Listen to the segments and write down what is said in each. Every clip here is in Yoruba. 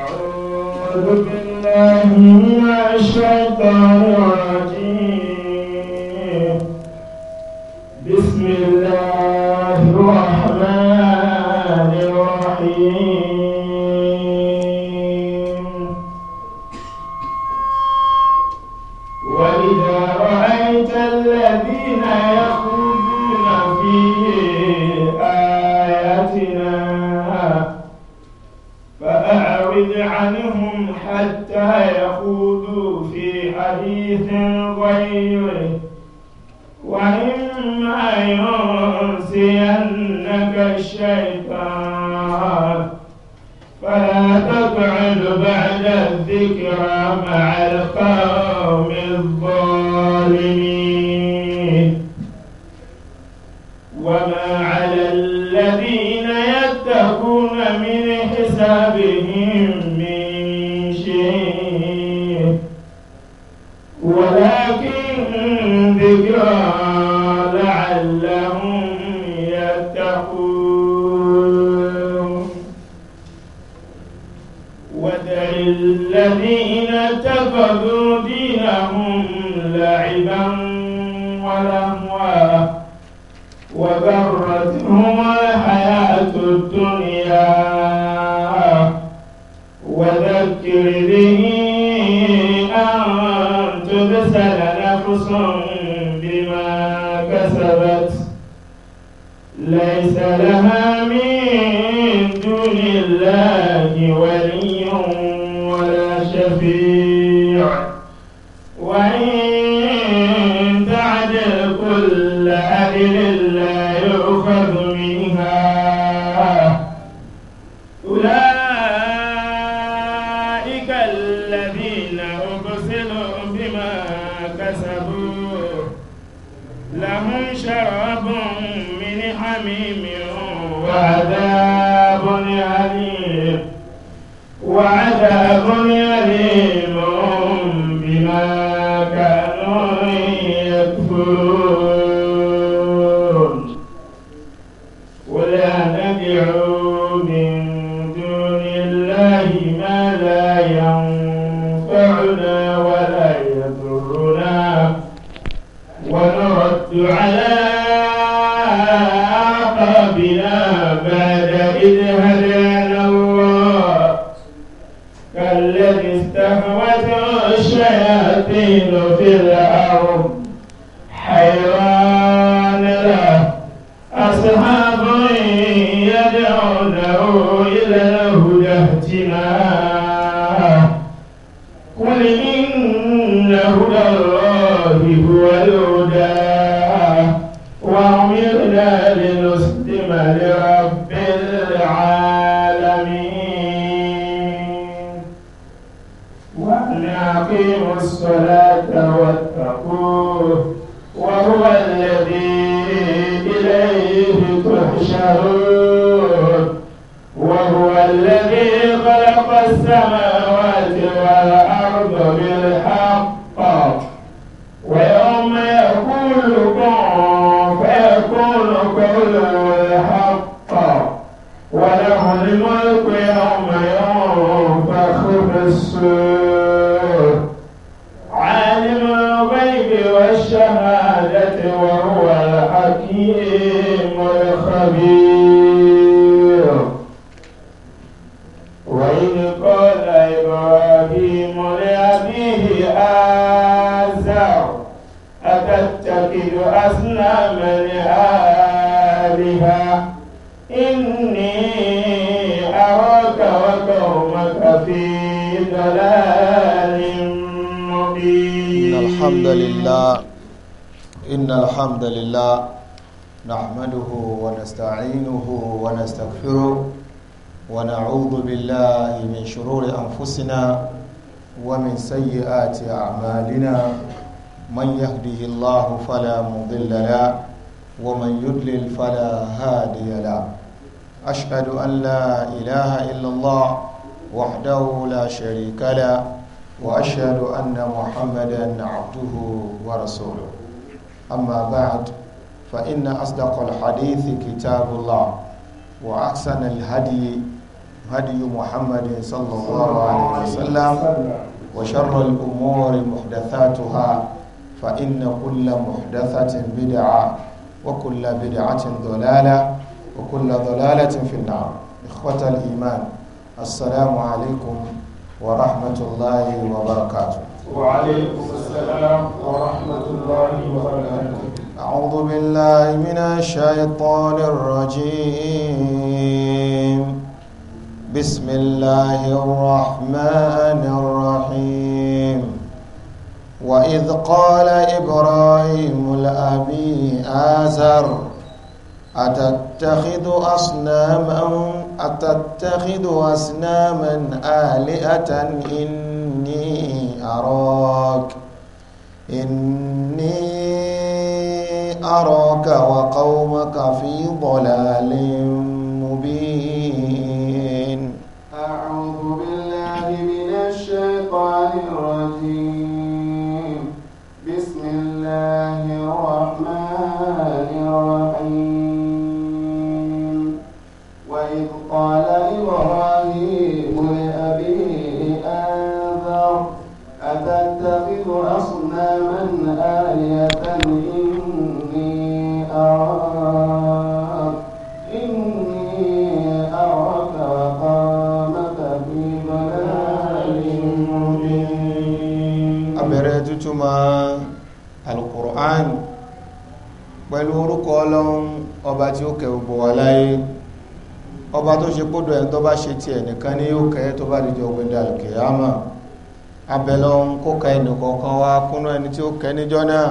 أعوذ بالله من الشيطان مبطل بما كسبوا لهم شراب من حميم وعذاب أليم وعذاب أليم تتخذ أصناما آلهة إني أراك وقومك في ضلال مبين إن الحمد لله إن الحمد لله نحمده ونستعينه ونستغفره ونعوذ بالله من شرور أنفسنا ومن سيئات أعمالنا من يهده الله فلا مضل له ومن يضلل فلا هادي له أشهد أن لا إله إلا الله وحده لا شريك له وأشهد أن محمدا عبده ورسوله أما بعد فإن أصدق الحديث كتاب الله وأحسن الهدي هدي محمد صلى الله عليه وسلم وشر الأمور محدثاتها فإن كل محدثة بدعة وكل بدعة ضلالة وكل ضلالة في النار إخوة الإيمان السلام عليكم ورحمة الله وبركاته وعليكم السلام ورحمة الله وبركاته أعوذ بالله من الشيطان الرجيم بسم الله الرحمن الرحيم وإذ قال إبراهيم لأبي آزر أتتخذ أصناما أتتخذ أصناما آلهة إني أراك إني أراك وقومك في ضلال مبين أعوذ بالله من الشيطان الرجيم الرحمن الرحيم وإذ قال pẹ̀lú orúkọ ọlọ́run ọba tí ó kẹ́ gbogbo láyé ọba tó ṣe kódò ẹni tó bá ṣe ti nìkan ní yóò kẹ́ tó bá dìjọ gbẹ̀dà kìyàmà abẹ́lọ́run kó kẹ́ ẹnìkọ̀ọ̀kan wa kúnú ẹni tí ó kẹ́ níjọ́ náà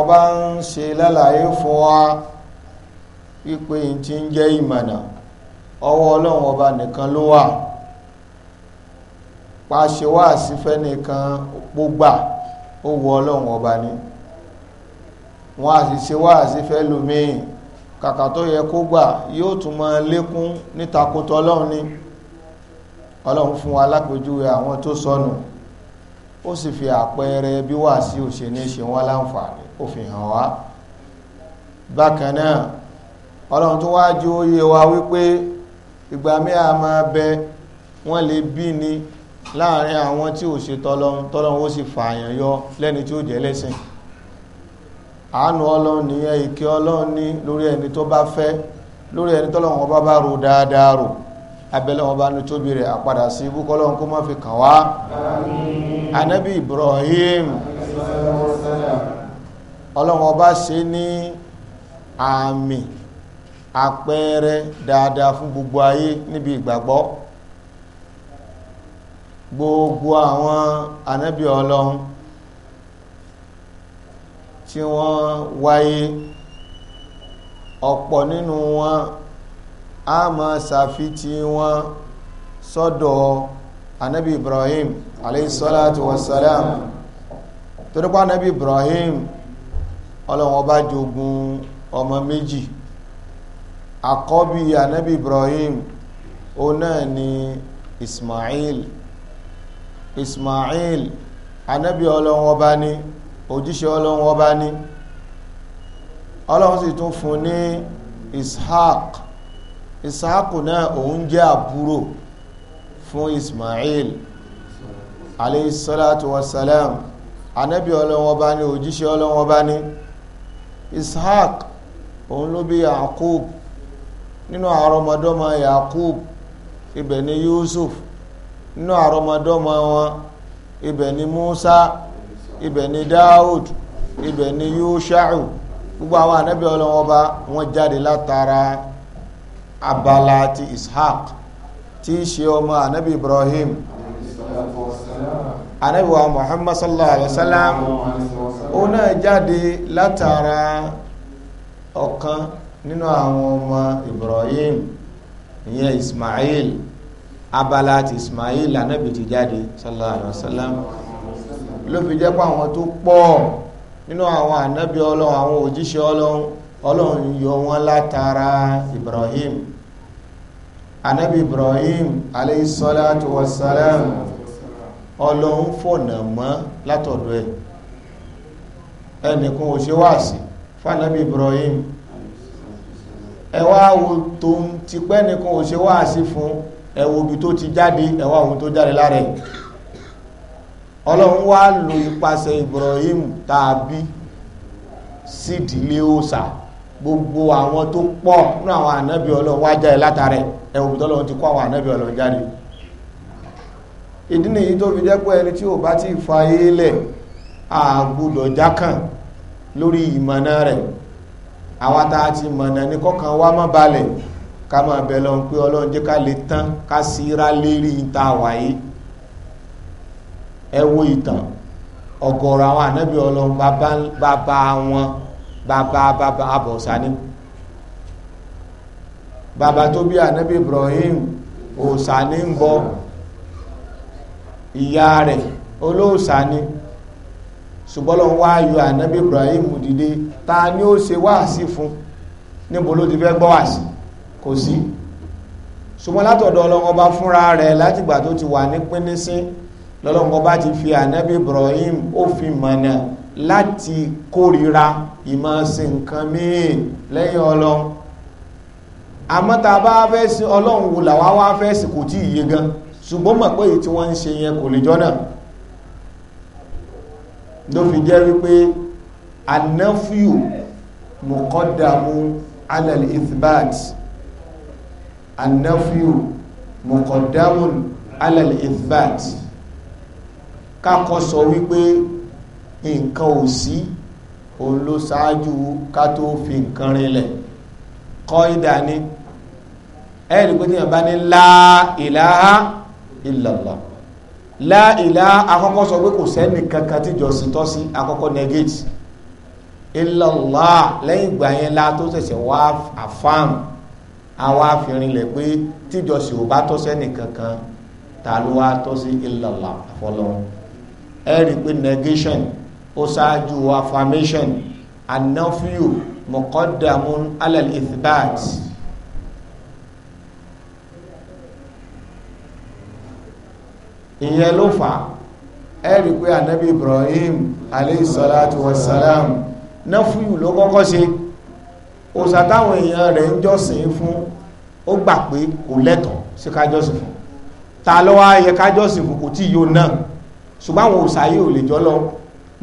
ọba ń ṣe lálàyé fún wa wípé ti ń jẹ́ ìmọ̀nà ọba nìkan ló wà pàṣẹ wá nìkan ọlọ́run ọba ni. wọ́n á sì ṣe wá àṣífẹ́ lómiin kàkà tó yẹ kó gbà yóò tún máa lékún nítakótọ́ ọlọ́run ní ọlọ́run fún wa lápèjúwe àwọn tó sọnù ó sì fi àpẹẹrẹ bí wà sí òṣèlú ṣe wọ́n láǹfààní ó fi hàn wá bákan náà ọlọ́run tó wá jí óyé wa wípé ìgbà mí a máa bẹ wọ́n lè bí ni láàrin àwọn tí ò ṣe tọlọ́run tọlọ́run ó sì fààyàn yọ lẹ́ni tí ó jẹ́ lẹ́sìn àánú ọlọ́run ní ẹ ìkẹ́ ọlọ́run ní lórí ẹni tó bá fẹ́ lórí ẹni tọ́lọ́run ọba bá rò dáadáa rò abẹ́lẹ́ ọba ní tóbi rẹ̀ àpadà sí ibú kó má fi kàn wá anábì Ibrahim ọlọ́run ọba ṣe ní àmì àpẹẹrẹ dáadáa fún gbogbo ayé níbi ìgbàgbọ́ gbogbo àwọn anábì ọlọ́run tí wọ́n wáyé ọ̀pọ̀ nínú wọn a máa ṣàfitì wọn sọ́dọ̀ anabi Ibrahim aleyhisalatu wasalam torípa anabi Ibrahim ọlọ́wọ́n bá jogun ọmọ méjì àkọ́bí anabi Ibrahim o náà ni Ismail Ismail anabi ọlọ́wọ́n bá ní. Ismail, òjíṣẹ́ ọlọ́run ọba ní ọlọ́run sì tún fún ní ishaq ishaq náà òun jẹ́ àbúrò fún ismail aleyhisalatu wasalam anabi ọlọ́run ọba ní òjíṣẹ́ ọlọ́run ọba ní ishaq òun ló bí yakub nínú àrọmọdọ́mọ yakub ibẹ̀ ni yusuf nínú àrọmọdọ́mọ wọn ibẹ̀ ni musa ibẹ̀ ni Dáúd ibẹ̀ ni Yúṣàù gbogbo àwọn ànábì Ọlọ́run ọba wọ́n jáde látara abala ti Ishaq tí í ṣe ọmọ ànábì Ibrahim ànábì wa Muhammad sallallahu alaihi wasallam ó náà jáde látara ọ̀kan nínú àwọn ọmọ Ibrahim ìyẹn Ismail abala ti Ismail ànábì ti jáde sallallahu alaihi wasallam ló fi jẹ́ pé àwọn tó pọ̀ nínú àwọn ànábì ọlọ́run àwọn òjíṣẹ́ ọlọ́run ọlọ́run yọ wọ́n látara Ibrahim ànábì Ibrahim aleyhisalatu wasalam ọlọ́run fọ̀nà mọ́ látọ̀dọ̀ ẹ̀ ẹnìkan ò ṣe wáàsí fànábì Ibrahim ẹwà wo tó ń tipẹ́ nìkan ò ṣe wáàsí fún ẹwà obi tó ti jáde ẹwà ohun tó jáde lára ẹ̀ ọlọ́run wá lo ipasẹ̀ Ibrahim tàbí sídìílé òòsà gbogbo àwọn tó pọ̀ ní àwọn ànábì ọlọ́run wá jáde látàrẹ ẹ̀wùn tọ́lọ́run ti kọ́ àwọn ànábì ọlọ́run jáde ìdí nìyí tó fi jẹ́ ẹni tí ò bá ti fa ilẹ̀ àgbùdọ̀ jákàn lórí ìmọ̀nà rẹ̀ àwọn tá a ti mọ̀nà ní kọ́kàn ra lérí ìta wáyé ẹ wo ìtàn ọ̀gọ̀rọ̀ àwọn ànábì Ọlọ́run bàbá wọn bàbá bàbá abọ̀sání bàbá tó bí ànábì Ibrahim òsání ń bọ ìyá rẹ̀ olóòsání ṣùgbọ́n lọ́n wá yọ ànábì Ibrahim dìde ta ni ó ṣe wáàsí fún níbo ló ti fẹ́ gbọ́ wáàsí kò sí ṣùgbọ́n látọ̀dọ̀ Ọlọ́run ọba fúnra rẹ̀ látìgbà tó ti wà ní pínínsín lọ́lọ́mọ bá ti fi ànábì Ibrahim ó fi mọ̀nà láti kórira ìmọ̀ọ́sìn nǹkan míì lẹ́yìn ọlọ́run àmọ́ tá a bá fẹ́ sí ọlọ́run wo làwa wá fẹ́ sí kò tí ì yé gan ṣùgbọ́n mọ̀ pé tí wọ́n ń ṣe yẹn kò lè jọ́nà ló fi jẹ́ wípé anáfíù mọ̀kọ́dàmú alal ithbat anáfíù mọ̀kọ́dàmú alal ithbat kákọ́ sọ wípé nǹkan ò sí òun ló ṣáájú ká tó fi nǹkan rinlẹ̀ kọ́ ìdá ni ẹ̀rì pé tíyàn ní la ilaha illallah la ilaha akọ́kọ́ sọ pé kò sẹ́ni kankan tíjọ sí tọ́ sí akọ́kọ́ negate illallah lẹ́yìn ìgbà yẹn la tó ṣẹ̀ṣẹ̀ wá àfáàmù àwọn afirinlẹ̀ pé tíjọ sí ò bá tọ́ sẹ́ni kankan ta ló wá tọ́ sí illallah àfọlọ́run ẹ rí pé negation ó ṣáájú affirmation anafiu muqaddamun alal ithbat. ìyẹn ló fà ẹ pé anabi Ibrahim aleyhi salatu wa salam nafiu ló kọ́kọ́ ṣe òsà táwọn èèyàn rẹ̀ ń jọ́sìn fún ó gbà pé kò lẹ́tọ̀ọ́ sí kájọ́sìn fún ta ló wá yẹ kájọ́sìn fún kò tí yóò náà ṣùgbọ́n àwọn òsà yìí ò lè jọ lọ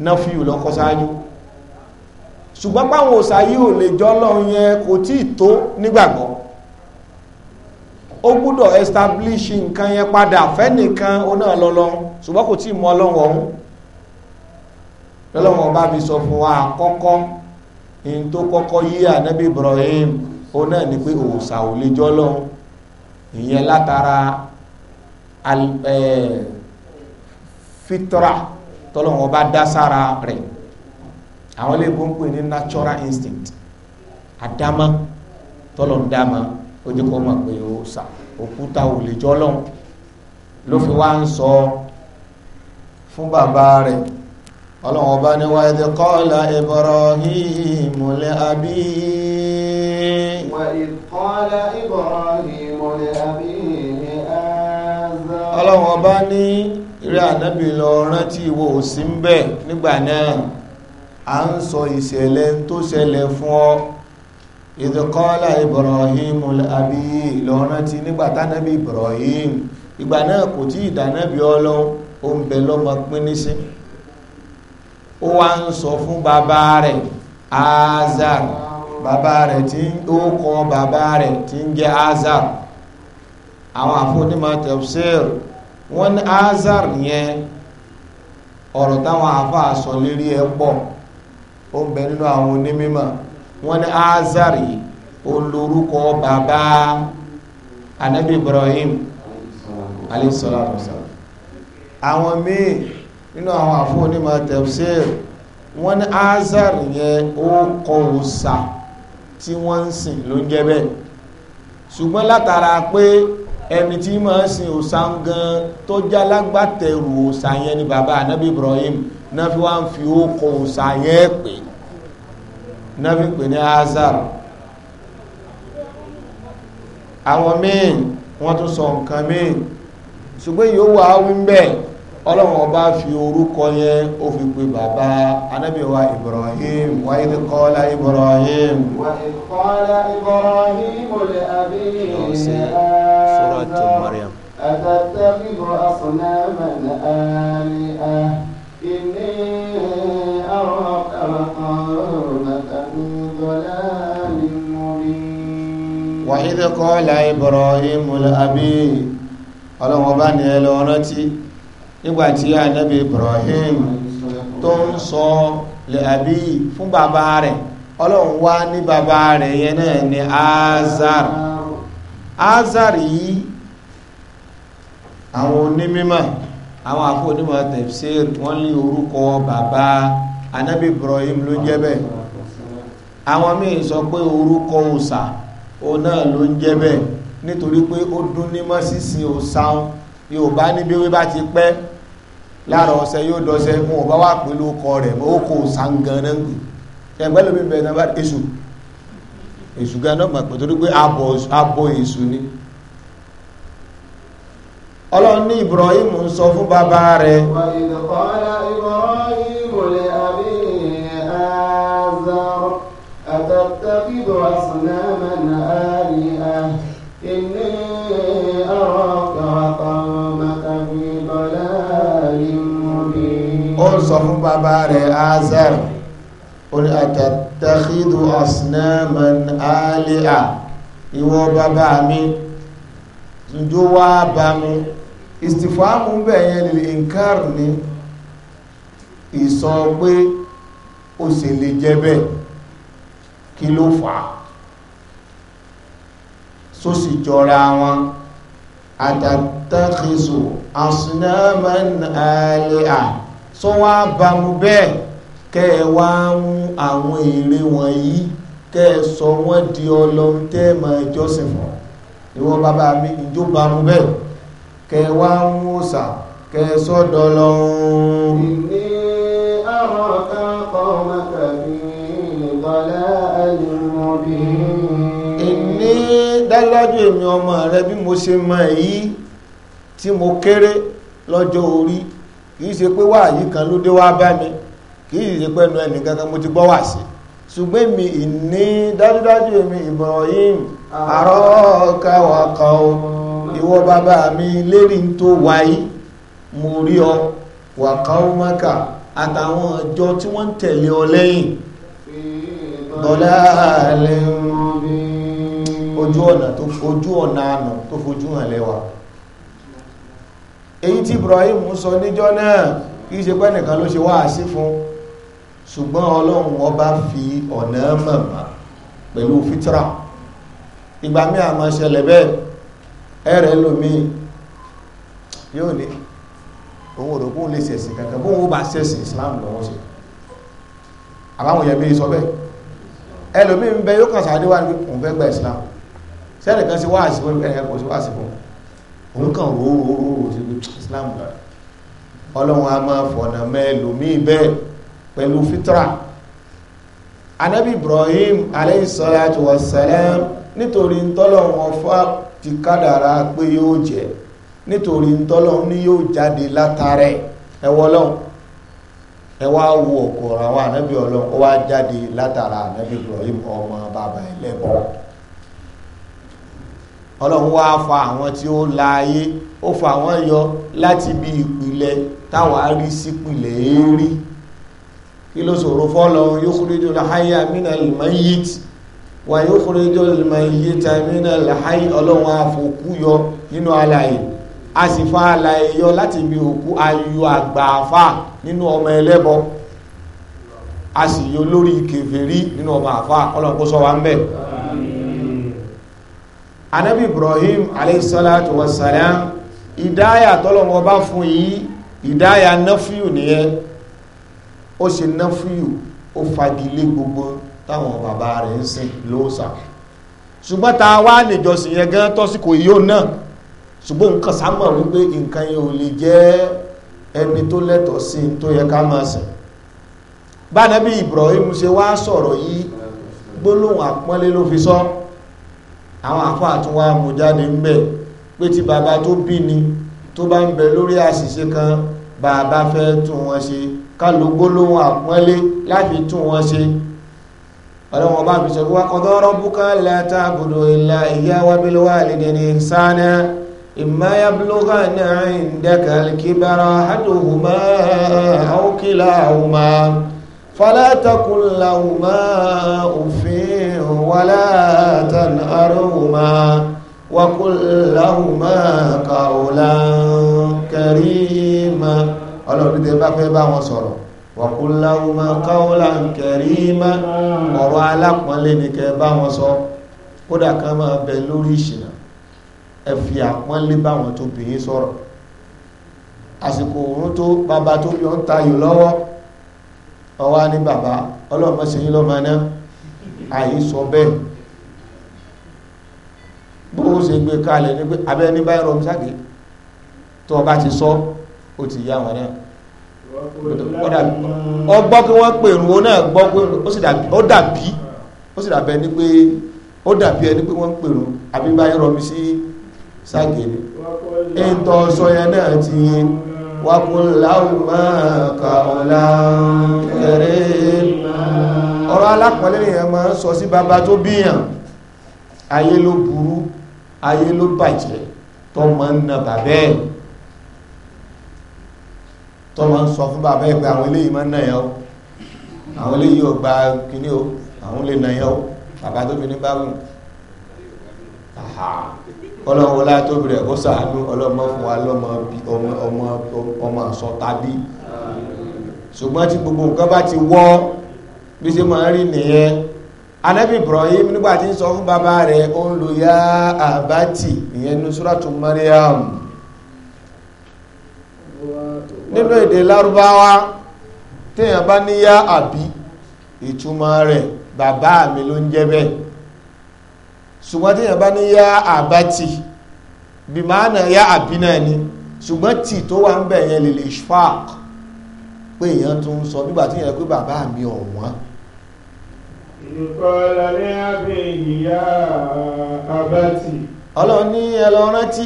náà fi ìlọ kọ sáájú ṣùgbọ́n páwọn òsà yìí ò lè jọ lọ yẹn kò tí ì tó nígbàgbọ́ ó gbúdọ̀ establish nǹkan yẹn padà fẹ́nìkan ó náà lọ́lọ́ ṣùgbọ́n kò tí mọ ọlọ́wọ́ ọ̀hún lọ́lọ́wọ́ bá fi sọ fún wa àkọ́kọ́ ni pé òòsà fitra tọ́lọ́wọ́n bá dá sára rẹ̀ àwọn iléegbò ń pè ní natural instinct àdámá tọ́lọ́n dáma ó jẹ́ kó mọ̀ pé ó sà òkúta ò lè ló fi wá ń sọ fún bàbá rẹ̀ ọlọ́wọ́n bá ní wa idh qala Ibrahim li abi wa idh qala Ibrahim li abi ọlọ́wọ́n bá ní eré ànábì lọ rántí ìwò òsì ń bẹ̀ nígbà náà a ń sọ ìṣẹ̀lẹ̀ tó ṣẹlẹ̀ fún ọ ìdíkọ́lá Ibrahim àbí lọ rántí nígbà tánábì Ibrahim ìgbà náà kò tí ìdánábì ọlọ́run ó ń bẹ lọ́mọ pín ní sí ó wá ń sọ fún bàbá rẹ̀ Azar bàbá rẹ̀ tí ó kọ bàbá rẹ̀ tí ń jẹ́ Azar àwọn àfúnímọ̀ tafsir wọ́n ní azar yẹn ọ̀rọ̀ táwọn àáfàá sọ lérí ẹ pọ̀ ó ń bẹ nínú àwọn onímọ̀ wọ́n ní azar yìí olórúkọ bàbá anabi ibrahim alayhi salatu wassalam àwọn míì nínú àwọn àfọ onímọ̀ tafsir wọ́n ní azar yẹn ó kọ òòṣà tí wọ́n ń sìn ló ń jẹ́ bẹ́ẹ̀ ṣùgbọ́n látara pé ẹni tí máa ń sin òòṣà gan tó já lágbàtẹrù òòṣà yẹn ni bàbá anabi ibrahim náà fi wá ń fi ókọ òòṣà yẹn pè náà fi pè ní azar àwọn míì wọ́n tún sọ nǹkan míì ṣùgbọ́n yóò wá wí bẹ́ẹ̀ ọlọ́run ọba fi orúkọ yẹn ó fi pe bàbá ànábì wa ibrahim wa idh qala ibrahim wa idh qala ibrahim li abihi مريم أتتخذ أصناما آلهة إني أراك وقومك في ضلال مبين وإذ قال إبراهيم لأبيه ọlọ́run ọba ni ẹ lọ rántí nígbàtí ànábì Ibrahim tó ń sọ lẹ́àbí fún bàbá rẹ̀ ọlọ́run wá ní bàbá rẹ̀ yẹn náà ni Azar. azari yìí àwọn onímọ̀ àwọn àfọ onímọ̀ tafsir wọ́n ní orúkọ bàbá anabi ibrahim ló jẹ́ bẹ́ẹ̀ àwọn míì sọ pé orúkọ òòṣà òun náà ló ń jẹ́ bẹ́ẹ̀ nítorí pé ó dún nímọ̀ sísìn òòṣà yorùbá níbi wí bá ti pẹ́ láàrọ̀ ọ̀sẹ̀ yóò dọ́sẹ̀ wọn ò wà pẹ̀lú ọkọ rẹ̀ mọ́ èṣù gan náà mọ̀ pé torí pé abọ èṣù ni ọlọ́run ní Ibrahim ń sọ fún bàbá rẹ̀ ó sọ fún bàbá rẹ̀ Azar oní àtàtàkìdù asnaman aliha ìwọ bàbá mi ǹjọ́ wá bá mi ìsìfàmù bẹ̀yẹn lè nkar ní ìsọ pé ó sì lè jẹ́ bẹ́ẹ̀ kí ló fà á só sì jọra wọn àtàtàkìsù asnaman aliha sọ wá bá mu bẹ́ẹ̀ kẹ́ ẹ wá ń àwọn ère wọ̀nyí kẹ́ ẹ sọ wọ́n di ọlọ́run tẹ́ ẹ máa jọ́sìn fún ìwọ bàbá mi ìjó bá mu bẹ́ẹ̀ kẹ́ ẹ wá ń wòsà kẹ́ ẹ sọ dọlọ́run. ìní àwọn kan kọ́ mọ́tà bí ìbọ̀lá ẹ̀yìnmọ́ bí. ìní dájúdájú èmi ọmọ rẹ bí mo ṣe mọ èyí tí mo kéré lọ́jọ́ orí kì í ṣe pé wáàyí kan ló dé wá bá mi. kìí ṣe pẹ́nu ẹnìkan mo ti gbọ́ wà sí ṣùgbọ́n mi ìní dájúdájú mi Ibrahim àrọ́kàwàkà o ìwọ bàbá mi lérí tó wáyé mo rí ọ wàkàwọ́mọ́kà àtàwọn ọjọ́ tí wọ́n ń ọ lẹ́yìn dọ́láàlẹ́ ojú ọ̀nà tó fojú hàn lẹ́wà Ibrahim sọ níjọ́ náà ṣe fún un ṣùgbọ́n ọlọ́run ọba fi ọ̀nà mọ̀mọ́ pẹ̀lú fitra ìgbà mí àmọ́ ṣẹlẹ̀ bẹ́ẹ̀ ẹ̀rẹ̀ lómi yóò ní òun òròkún lè ṣẹ̀sìn kankan bóun ó bá ṣẹ̀sìn Islam lọ́wọ́ sí àbáwọn yẹn bí sọ bẹ́ẹ̀ ẹlòmí ń bẹ yóò kàn sáà níwá ní òun fẹ́ gba Islam sẹ́ẹ̀rẹ̀ kan sí wá àsìkò ẹ̀yẹ kò sí wá àsìkò òun kàn rò rò rò rò sí Islam lọ ọlọ́run a máa fọ̀nà mẹ́lòmí bẹ́ẹ̀ pẹ̀lú fitra anabi ibrahim aleyhisalatu wasalam nítorí ntọ́lọ̀ wọn fà ti kádàrá pé yóò jẹ́ nítorí ntọ́lọ̀ ní yóò jáde látàrẹ ẹwọ́lọ́hùn ẹ wá wo ọ̀kọ̀ọ̀rọ̀ àwọn ànábì ọlọ́run ó wá jáde látara ànábì Ibrahim ọmọ bàbá ẹlẹ́bọ ọlọ́run wá fa àwọn tí ó láàyè ó fa àwọn yọ láti bí ìpìlẹ̀ táwa rí sípìlẹ̀ èérí kí ló ṣòro fọ́lọ́ yukhrijul hayya minal mayyit wa yukhrijul mayyita minal hayy ọlọ́run àfòkú yọ nínú alààyè a sì fa alààyè yọ láti ibi òkú ayò àgbààfà nínú ọmọ ẹlẹ́bọ a sì yọ lórí kèfèrí nínú ọmọ àfà ọlọ́run kó sọ wa ń bẹ̀ anabi ibrahim aleyhisalatu wasalam ìdáyà tọ́lọ́run fún yìí ìdáyà nafiyu nìyẹn ó ṣe náfíù ó fagilé gbogbo táwọn bàbá rẹ̀ ń sìn lóòsà ṣùgbọ́n ta wá níjọsìn yẹn gan tọ́síkò yíò náà ṣùgbọ́n nǹkan sámọ̀ wípé nǹkan yẹn ò lè jẹ́ ẹni tó lẹ́tọ̀ọ́ sí tó yẹ ká máa sìn bánàbí Ibrahim ṣe wá sọ̀rọ̀ yìí gbólóhùn àpọ́nlé ló fi sọ àwọn àfáà tún wá mú jáde ń bẹ̀ pé tí bàbá tó bí ni tó bá ń bẹ lórí àṣìṣe kan bàbá fẹ́ tún wọn ṣe kan ló gbólóhùn àpọ́nlé láti tún wọn ṣe ọlọ́wọ́n bá mi sọ fún wa qada rabbuka alla ta'budu illa iyyahu wa bil walidayni ihsana imma yablughanna 'indaka al-kibara ahaduhuma aw kilahuma fala taqul lahuma uffin ọlọ́run tẹ́ bá fẹ́ bá wọn sọ̀rọ̀ wàkúláwùmá káwọ́lá kẹrìímá ọ̀rọ̀ alápọ̀nlé ni kẹ́ bá wọn sọ kódà kan máa bẹ lórí ìṣìnà ẹ fi àpọ́nlé bá wọn tó bìyín sọ̀rọ̀ àsìkò òun tó bàbá tó yọ ń tayò lọ́wọ́ ọwá ní bàbá ọlọ́mọ sí yí sọ bẹ́ẹ̀ bó ṣe gbé kalẹ̀ ní pé abẹ́ ní báyìí rọmsáàgì tó ọba ti sọ so, ó ti yá wọn náà ó gbọ́ pé wọ́n pèrò ó náà gbọ́ pé ó dàbí ó sì dàbí ẹni pé ó dàbí ẹni pé wọ́n pèrò àbí báyìí rọmi sí ságèrè ètò ọ̀sọ̀ yẹn náà ti yẹn wà kó láwùmá kàọ̀lá kẹrẹ́ ọ̀rọ̀ alápọ̀lẹ́ yẹn máa ń sọ sí bàbá tó bíyàn ayé ló burú ayé ló bàjẹ́ tọmọ ń na bàbẹ́ ẹ̀ tó máa ń sọ fún bàbá ẹ̀ pé àwọn eléyìí máa ń nàyàn o àwọn eléyìí ò gba kíní o àwọn lè nàyàn o bàbá tó fi ní bá wùn ọlọ́run wọlá tó bẹ̀rẹ̀ kó sàánú ọlọ́mọ fún wa lọ́mọ ọmọ àṣọ tàbí ṣùgbọ́n tí gbogbo nǹkan bá ti wọ́ bí ṣe máa ń rí nìyẹn anabi ibrahim nígbà tí ń sọ fún bàbá rẹ̀ ó ń lo yá àbátì ìyẹn nusratu mariam nínú èdè lárúbáwá téèyàn bá ní yá àbí ìtumọ̀ rẹ̀ bàbá mi ló ń jẹ́ bẹ́ẹ̀ ṣùgbọ́n téèyàn bá ní yá àbátì bí máa nà yá àbí náà ni ṣùgbọ́n tì tó wà ń bẹ̀ yẹn lè lè pé èèyàn tún ń sọ nígbà tí pé bàbá mi ọ̀wọ́n ìkọlẹ̀ ẹlọ́rántí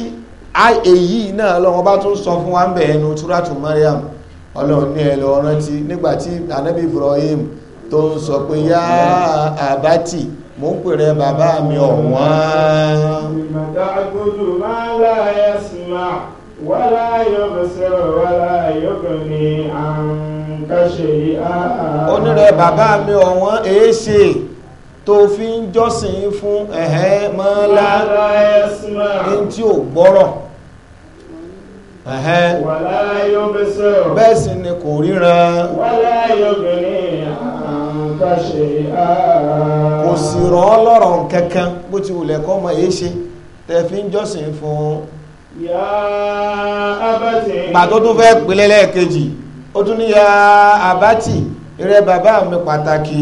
èyí náà ọlọ́run bá tún sọ fún wa ń bẹ̀ ẹnu túrátù Mariam ọlọ́run ní ẹlọ rántí nígbàtí anábì Ibrahim tó ń sọ pé yá àbátì mo ń pèrè bàbá mi ọ̀wọ́n wala yubsir wala bàbá mi ọ̀wọ́n èéṣe tó fi ń jọ́sìn fún ẹ̀hẹ́ mọ́lá ní tí ò gbọ́rọ̀ bẹ́ẹ̀ sì ni kò ríran kò sì ràn ọ́ lọ́rọ̀ kankan bó ti wùlẹ̀ kọ́ ọmọ èé ṣe tẹ́ fi ń fún pàtó tún fẹ́ pèlẹ́ lẹ́ẹ̀kejì ó tún ní rẹ bàbá mi pàtàkì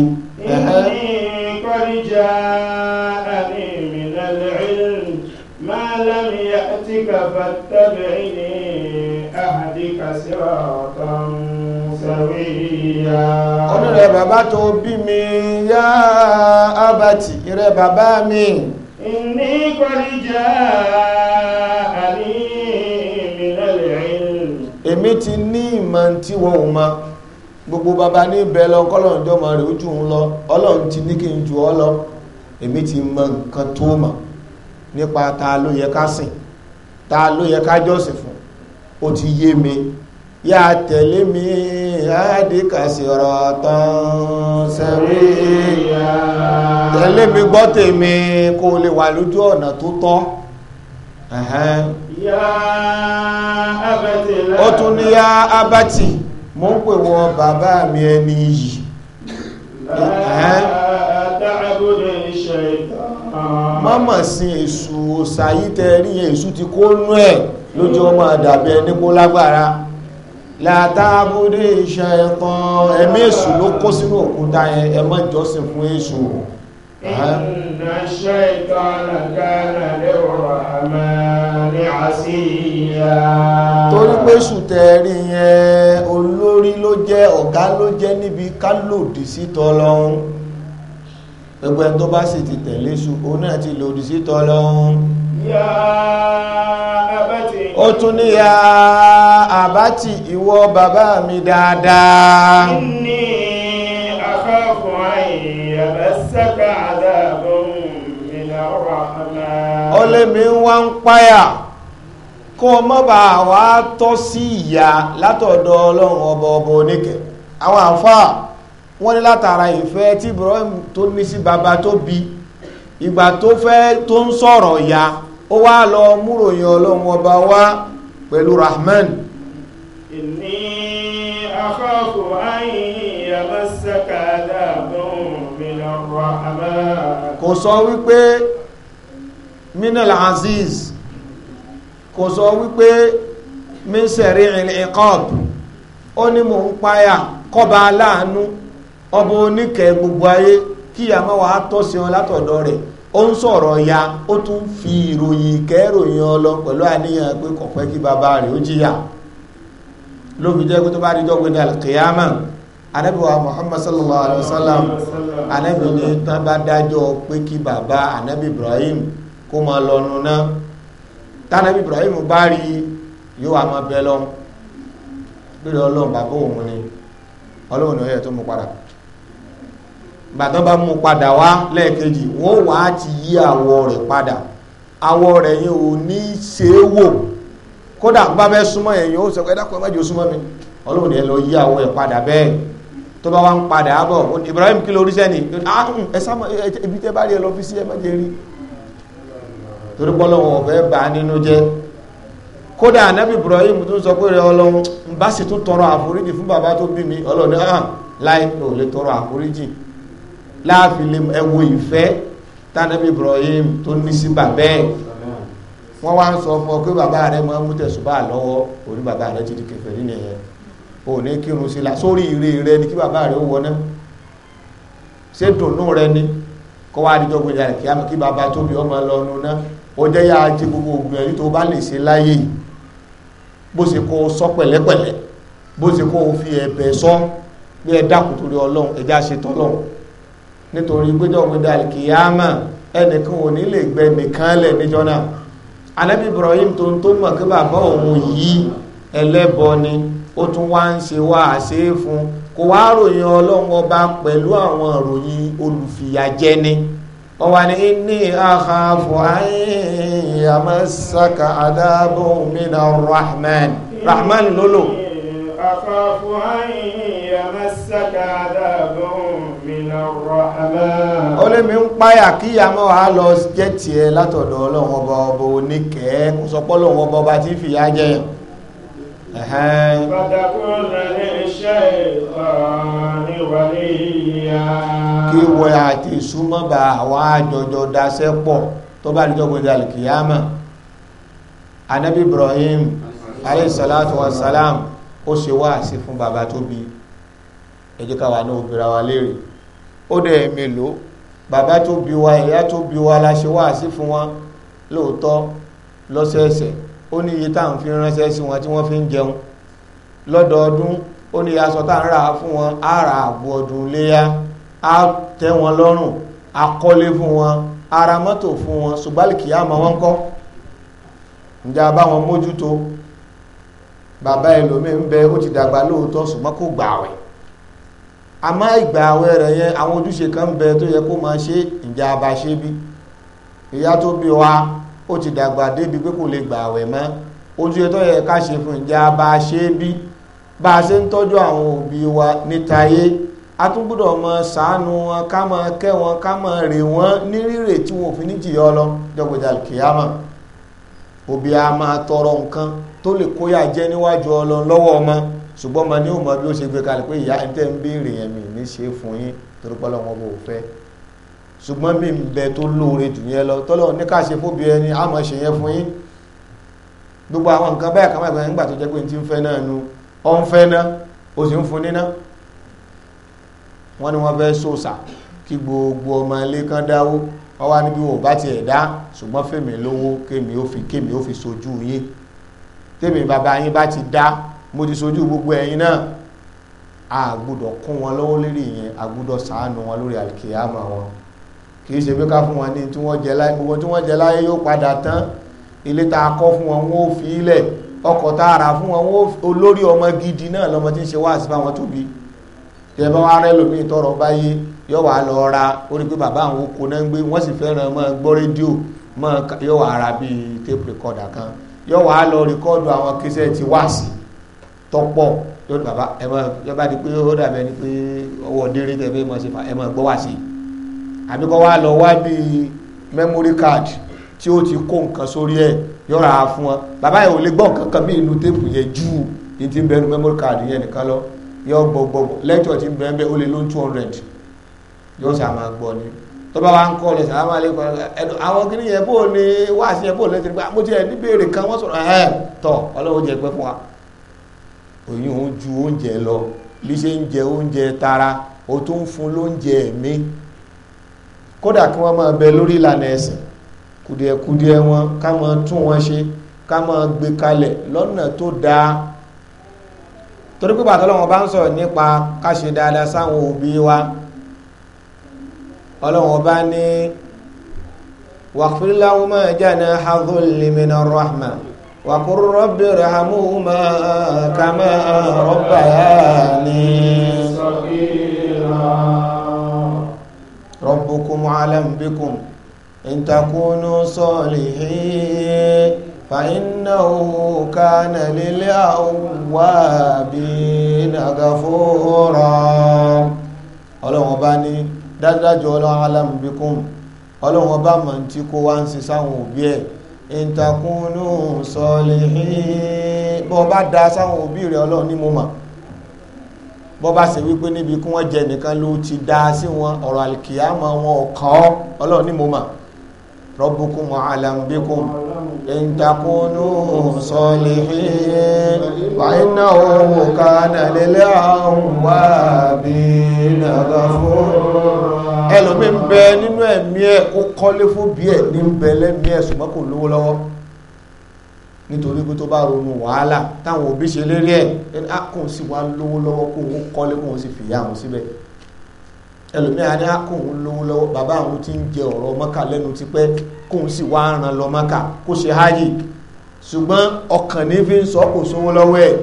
ọdún rẹ̀ bàbá tó bí mi yá abàtì rẹ̀ bàbá mi ní kọlíjà àní ìmìnàlẹ̀ èmi ti ní ìmọ̀ tí wọ́n ò ma gbogbo bàbá ní bẹ̀lọ kọ́lọ̀n rẹ̀ ojú ń lọ ọlọ́run ti ní kí n ọ lọ èmi ti mọ nǹkan tó mọ̀ nípa ta ló yẹ ta ló yẹ ó ti yé mi yá tẹ̀lé mi àádìkàsìrọ̀ tán sẹ́rí tẹ̀lé mi gbọ́ tèmi kó lè wà lójú ọ̀nà tó tọ́ ó tún ní yá abati mo ń pè wọ bàbá mi ẹni yìí mọ́mọ̀ sí èṣù òsàyí tẹ́ rí èṣù ti kó nú ẹ̀ lójú ọmọ àdàbí ẹni kó lágbára látàbúdé iṣẹ́ ẹ̀tàn ẹ̀mí èṣù ló kó sínú òkúta yẹn ẹ fún èṣù torí pé sùtẹ̀rí yẹn olórí ló jẹ́ ọ̀gá ló jẹ́ níbi kálòdì sí tọ́lọ́hún gbogbo tó bá sì ti tẹ̀lé sùn òun náà lòdì sí tọ́lọ́hún ó tún ní ya àbátì ìwọ bàbá mi dáadáa ó lè mi wá ń páyà kó o mọ́ bá wá tọ́ sí ìyá látọ̀dọ̀ ọlọ́run ọba ọba oníkẹ̀ àwọn àfáà wọ́n ní látara ìfẹ́ tí Ibrahim tó ní sí bàbá tó bí ìgbà tó fẹ́ tó ń sọ̀rọ̀ ya ó wá lọ múròyìn ọlọ́run ọba wá pẹ̀lú rahman inni akhafu an yamassaka adhabun min ar-rahman kò sọ wípé minal aziz kò sọ wípé min sari'il ó ní mò ń páyà kọba aláàánú ọba oníkẹ gbogbo ayé kíyàmọ́ wàá tọ́ sí látọ̀dọ̀ rẹ̀ ó ń sọ̀rọ̀ ya ó tún fi ìròyìn kẹ́ròyìn ọlọ pẹ̀lú a pé kò pẹ́ kí bàbá rẹ̀ ó jìyà ló fi jẹ́ tó bá rí jọ́gbìn alkiyama anábìwá muhammad sallallahu alaihi wasallam anábì ní tán bá dájọ́ pé kí bàbá ibrahim kó máa lọ́nu náà ibrahim bá rí yóò àmọ́ bẹ́ lọ bí ọlọ́run bàbá òun ni ọlọ́run ni ó yẹ tó mú gbàtọ́ bá mú padà wá lẹ́ẹ̀kejì wọ́n wá ti yí àwọ̀ rẹ̀ padà àwọ̀ rẹ̀ yẹn ò ní ṣe é wò kódà bá bẹ́ súnmọ́ ẹ̀yìn ó sọ pé dákun ẹ̀mẹ́jọ súnmọ́ mi ọlọ́run ni lọ yí àwọ̀ padà bẹ́ẹ̀ tó bá ń padà bọ̀ Ibrahim kí ló rí sẹ́ni ah, mm, ibi láàfin lè ẹwo ìfẹ́ tánàbí Ibrahim tó ní sí bàbá ẹ̀ wọ́n wá ń sọ fún ọ pé bàbá rẹ máa ń mú tẹ̀sùbá lọ́wọ́ òní bàbá rẹ ti di kèfèrí nìyẹn òní kírun sí la sórí ire rẹ ni kí bàbá rẹ ó wọná ṣé dùnú rẹ ni kọ́ wá dídọ́ gbẹ̀dẹ̀ rẹ̀ kí á kí bàbá tóbi ọmọ lọ nu ná ó jẹ́ yá ajé gbogbo ògùn ẹ̀rí tó bá lè ṣe láyé bó ṣe kó sọ pẹ̀lẹ́pẹ̀lẹ́ bó ṣe kó fi ẹ̀bẹ̀ sọ bí ẹ dákùn torí ọlọ́run ẹja ṣe tọ́lọ́run nítorí gbéjọ́ gbéjọ́ alkiyama ẹnìkan ò ní lè gbẹ nìkan lẹ̀ níjọ́ náà alẹ́bí Ibrahim tó ń tó mọ̀ kí bàbá òun yìí ẹlẹ́bọ ni ó tún wá ń ṣe wá àṣẹ fún kò wá ròyìn ọlọ́run ọba pẹ̀lú àwọn ròyìn olùfìyàjẹni ó wá ní inni akhafu an yamassaka adabun mina rahman rahman lolo akhafu an yamassaka adabun ó lé mi ń páyà kíyà mọ́ a lọ jẹ́ tiẹ̀ látọ̀dọ̀ ọlọ́run ọba ọba oníkẹ́ kò sọ pọ́ lọ́run ọba ọba tí ń fìyà jẹ kí wọ àti súnmọ́ bá àwọn àjọjọ daṣẹ́ pọ̀ tó bá lè jọ́gbọ́n ìdàlẹ̀ kìyàmà anabi Ibrahim alayhi salatu wa salam ó ṣe wá sí fún bàbá tó bí ẹ náà obìnrin wa léèrè ó dẹ̀ mélòó bàbá tó bí wa ìyá tó bí wa la ṣe wá sí fún wọn lóòótọ́ lọ́sẹ̀ẹsẹ̀ ó ní iye táwọn fi ránṣẹ́ sí wọn tí wọ́n fi ń jẹun lọ́dọọdún ó ní aṣọ tá ń rà á fún wọn á ra àbò ọdún léyà á tẹ́ wọn lọ́rùn á fún wọn á mọ́tò fún wọn ṣùgbálìkì àmọ́ wọn kọ́ ǹjẹ́ bá wọn mójútó bàbá ẹlòmíín bẹ ó ti dàgbà lóòótọ́ ṣùgbọ́n kò gbààwẹ̀ àmọ́ ìgbà àwẹ̀ rẹ̀ yẹn àwọn ojúṣe kan bẹ tó yẹ kó máa ṣe ìjà bá ṣe bí ìyá tó bí wa ó ti dàgbà débi pé kò lè gbà àwẹ̀ mọ́ ojúṣe tó yẹ ká ṣe fún ìjà bá ṣe bí bá a ṣe ń tọ́jú àwọn òbí wa nítayé a tún gbọ́dọ̀ mọ ṣàánú wọn ká mọ kẹ́ wọn ká mọ rè wọ́n ní rírè tí wọn ò fi ní jìyà lọ jọgbọ̀jà kìyàmọ̀ òbí a máa tọrọ nǹkan tó lè kóyà jẹ́ níwájú ọlọ́ lọ́wọ́ ọmọ ṣùgbọ́n ma ní o mọ bí ó ṣe gbé kalẹ̀ pé ìyá ẹ̀ńtẹ́ ń béèrè yẹn mi ní ṣe fún yín torí pé ọlọ́wọ́n bò fẹ́ ṣùgbọ́n mi ń bẹ tó lóore jù yẹn lọ tọ́lọ́ ní ká ṣe fóbi ẹni a máa ṣe yẹn fún yín gbogbo àwọn nǹkan báyà kàmá ìgbà nígbà tó jẹ́ pé ti ń fẹ́ náà nu ọ́ ń fẹ́ ná o sì ń fún níná wọ́n ní wọ́n fẹ́ sòsà kí gbogbo ọmọ ilé kan dáwó wọ́n wá níbi wò bá tiẹ̀ dá ṣùgbọ́n fèmí lówó kémi ó fi kémi ó fi sojú yín tèmi bàbá yín bá ti dá mo ti sojú gbogbo ẹ̀yin náà a gbọ́dọ̀ kún wọn lọ́wọ́ lérí yẹn a gbọ́dọ̀ ṣàánú wọn lórí àlìkìyàmà wọn kì í ṣe pé ká fún wọn ní tí wọ́n jẹ láyé gbogbo yóò padà tán ilé tá kọ́ fún wọn wọn fi ilẹ̀ ọkọ̀ tá fún wọn olórí ọmọ gidi náà lọmọ tí ń ṣe wáàsí fáwọn tóbi tẹ bá wá rẹ lómi tọrọ báyé yọ wà lọ ra ó rí pé bàbá àwọn oko náà ń gbé wọ́n sì fẹ́ràn máa gbọ́ rédíò máa yọ wà bíi tape recorder kan yọ wà lọ rìkọ́dù àwọn kẹsẹ̀ ti wáàsí tọ́pọ̀ tó ní bàbá ẹ máa yọba di pé ó dàbí ẹni pé ọwọ́ dérí tẹ̀ fẹ́ máa ṣe fà ẹ máa gbọ́ wá sí i àbí kọ́ wá lọ wá bí memory card tí ó ti kó nǹkan sórí ẹ̀ yọ̀rọ̀ á fún wọn bàbá yẹn ò lè gbọ́ nǹkan kan bí inú téèpù yẹn jù ní ti ń bẹnu memory card yẹn nìkan lọ yọ gbọgbọgbọ lẹ́tọ̀ ti ń bẹ́ẹ̀ bẹ́ẹ̀ ó lè ló two hundred yọ sà máa gbọ́ ni tó bá wa ń kọ́ ọ̀lẹ̀ sàlámà lè kọ́ ẹnu àwọn kìnìyàn bò ní wáàsí yẹn bò lẹ́tọ̀ mo ti ẹ̀ ní béèrè kan wọ́n sọ̀rọ̀ ẹ̀ tọ̀ ọlọ́run jẹ́ pẹ́ fún wa oyún ó ju oúnjẹ lọ bí ṣe ń jẹ oúnjẹ tara ó tún ń fún lóúnjẹ ẹ̀mí kódà kí wọ́n máa bẹ lórí ìlànà ẹ̀sìn kùdìẹ̀kùdìẹ̀ wọn ká máa tún wọn ṣe ká máa gbé kalẹ̀ lọ́nà tó dáa torí pípa tọ́lọ́wọ́n bá ń sọ̀rọ̀ nípa ká ṣe dáadáa sáwọn òbí wa ọlọ́wọ́n bá ní wàhálà wọn máa jáde hazol limina rahman وقل رب ارحمهما كما ربياني صغيرا ربكم أعلم بكم إن تكونوا صالحين فإنه كان للأوابين غفورا ọlọ́run ọba ní dájúdájú ọlọ́run alámùbíkún ọlọ́run ọba mọ̀ tí kó wá ń ṣe sáwọn òbí ẹ̀ ìtàkùnú sọ̀lẹ̀hìn bọ́ bá da sáwọn òbí rẹ̀ ọlọ́run ní mo bọ́ bá ṣe wípé níbi wọ́n jẹ nìkan ló ti da sí wọn ọ̀rọ̀ àlìkìyàmọ́ wọn ọ̀kan ọlọ́run ní mo rọ́bùkún àlàmbíkún ìtàkùnú ẹlòmí ń bẹ nínú ẹ̀mí ẹ̀ ó kọ́lé fún bí ẹ̀ ní ń bẹ lẹ́mí ẹ̀ ṣùgbọ́n kò lówó lọ́wọ́ nítorí pé tó bá ronú wàhálà táwọn òbí ṣe lérí ẹ̀ ẹni akùn ah, sì wá lówó lọ́wọ́ kó òun kọ́lé kó òun sì fìyà òun síbẹ̀ ẹlòmí àní akùn ah, òun lówó lọ́wọ́ bàbá àwọn ti ń jẹ ọ̀rọ̀ mọ́kà lẹ́nu ti pẹ́ kó òun sì wá ràn lọ mọ́kà kó ṣe háyì ṣùgbọ́n ọkàn ní fi ń sọ kò sówó lọ́wọ́ ẹ̀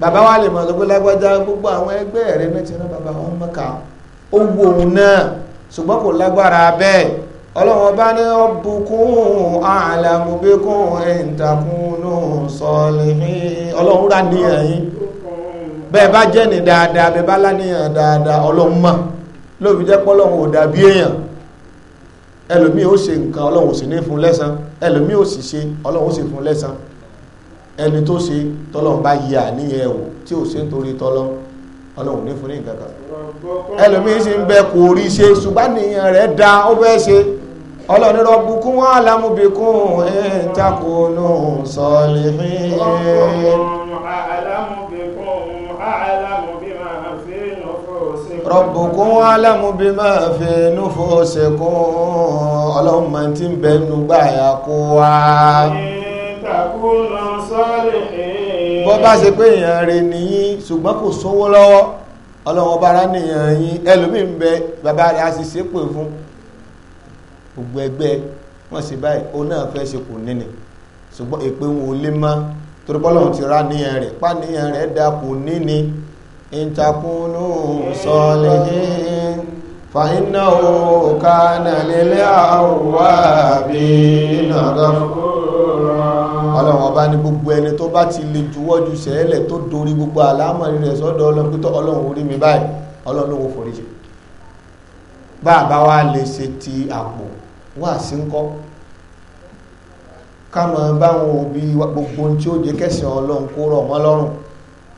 bàbá wa lè mọ̀ sọ gbogbo àwọn ẹgbẹ́ rẹ̀ mẹ́tìrín bàbá wọn mọ́kà Ogun wu òun náà ṣùgbọ́n kò lágbára bẹ́ẹ̀ ọlọ́run ọba ní rabbukum a'lamu bikum in takunu salihin ọlọ́run rà níyàn yín bẹ́ẹ̀ bá jẹ́ ní dáadáa bẹ́ẹ̀ bá láníyàn dáadáa ọlọ́run mọ̀ lóbi jẹ́ pọ́lọ́run ò dàbí èèyàn ẹlòmí ó ọlọ́run ní fún ní nǹkan kan ẹlòmí sí ń bẹ kò rí ṣe ṣùgbọ́n nìyàn rẹ̀ da ó bẹ́ ṣe ọlọ́run rọ́bù kún wọ́n alámúbikún ìtakùnù sọ̀lẹ̀hìn rọ́bù kún alámúbimọ̀ fi ọlọ́run mọ̀ tí ń bẹnu bọ́ bá ṣe pé èèyàn rẹ̀ nìyí ṣùgbọ́n kò sówó lọ́wọ́ ọlọ́wọ́ bára nìyàn yín ẹlòmíì ń bẹ bàbá rẹ̀ á sì ṣépè fún gbogbo ẹgbẹ́ wọ́n sì báyìí ó náà fẹ́ ṣe kò níní ṣùgbọ́n èpè wọn ò lè má torí bọ́lọ̀ ti ra níyàn rẹ̀ pa níyàn rẹ̀ dà kò níní ìtakùnú sọlẹ̀ yín fàyínà òkà nàlẹ́lẹ́ àwọn wà nàgàfọ́. ọlọ́run ọba ní gbogbo ẹni tó bá ti lè juwọ́jú sẹ́ẹ̀lẹ̀ tó dorí gbogbo àlámọ̀rí rẹ̀ sọ́dọ̀ ọlọ́run pítọ́ ọlọ́run orí mi báyìí ọlọ́run lówó foríjì bá a bá wá lè ṣe ti àpò wá sí ń kọ́ ká mọ̀ báwọn òbí gbogbo tí ó jẹ́ kẹsàn ọlọ́run kó rọ̀ wọ́n lọ́rùn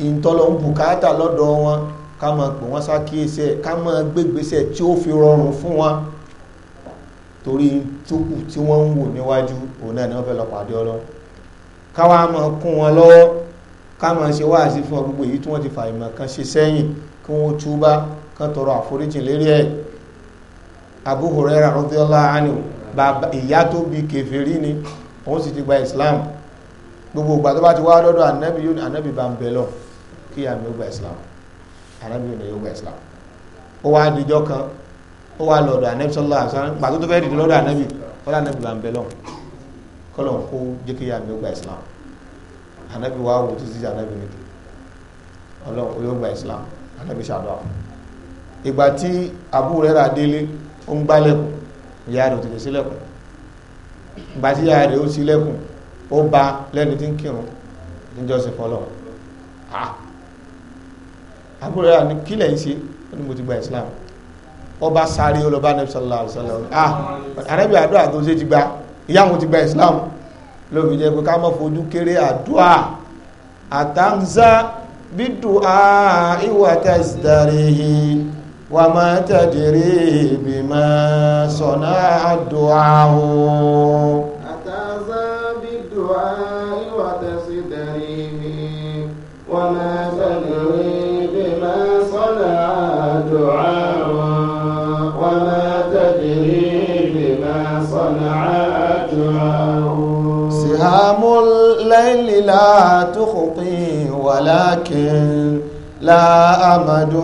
ìtọ́lọ́ ń bùkátà lọ́dọ̀ wọn ká mọ̀ wọ́n ṣàkíyèsí ẹ̀ ká mọ̀ tí ó fi rọrùn fún wọn torí tókù tí wọ́n ń wò níwájú òun náà ni wọ́n fẹ́ lọ pàdé ọlọ́run káwa máa kún wọn lọ́wọ́ ká máa ṣe wáàsí fún ọ gbogbo èyí tí wọ́n ti fà ìmọ̀ kan ṣe sẹ́yìn kí wọ́n túbá kán tọrọ àforíjì lérí ẹ̀ Abu Huraira radiyallahu anhu bàbá ìyá tó bí kèfèrí ni òun sì ti gba Islam gbogbo ìgbà tó bá ti wá lọ́dọ̀ ànábì yóò ní ànábì bá ń bẹ lọ kí àmì ó gba Islam ànábì yóò ní yóò gba Islam ó wá dìjọ́ kan ó wá lọ́dọ̀ ànábì sallallahu alaihi wasallam pàtó tó fẹ́ dìde lọ́dọ̀ ànábì ó lọ́dọ̀ ànábì bá ń bẹ lọ kọ́lọ̀ kó jẹ́kẹ́yà mi ó gba islam anabi wa wò títí anabi nìkì ọlọ́run yóò gba islam anabi ṣàdọ́à ìgbà tí abu rẹ̀ rà délé ó ń gbálẹ̀kùn ìyá rẹ̀ ò tètè sílẹ̀kùn ìgbà tí ìyá rẹ̀ ó sílẹ̀kùn ó ba lẹ́ni tí ń kírun níjọ́sìn fọlọ́ ah! abu rẹ̀ rà ní kílẹ̀ ń ṣe ó ní mo ti gba islam ọba sáré ó lọ bá anabi sallallahu alaihi wasallam anabi ah! àdúrà tó ti gba ìyá wọn ti gba islam lóbi jẹ́ pé ká má fojú kéré àdúà àtàǹzá bídùá ìwà tàìsítàrí wà má tàdírí bima sọ̀nà àdúà o àtàǹzá bídùá ìwà tàìsítàrí wà bima sọ̀nà àdúà o wà má tàdírí bima sọ̀nà àdúà سهام الليل لا تخطي ولكن لا أمد